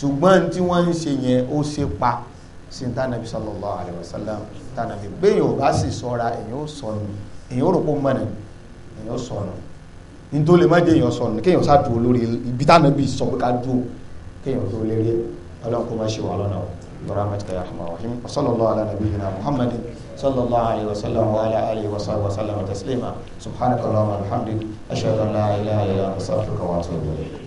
ṣùgbọ́n tí wọ́n ń ṣe yẹn ó ṣe pa sí tánàbí sallallahu alaihi wasallam tánàbí gbẹ̀yìn ò bá sì sọ́ra èyàn ní tó lè má jẹ́ èèyàn sọ̀rọ̀ kéèyàn sáàdúró lórí ibi táwọn ẹbí sọ pé ká dúró kéèyàn tó lérí ẹ̀ ọlọ́run kó má ṣe wà lọ́nà برحمتك يا ارحم الراحمين وصلى الله على نبينا محمد صلى الله عليه وسلم وعلى اله وصحبه وسلم تسليما سبحانك اللهم وبحمدك اشهد ان لا اله الا انت استغفرك واتوب اليك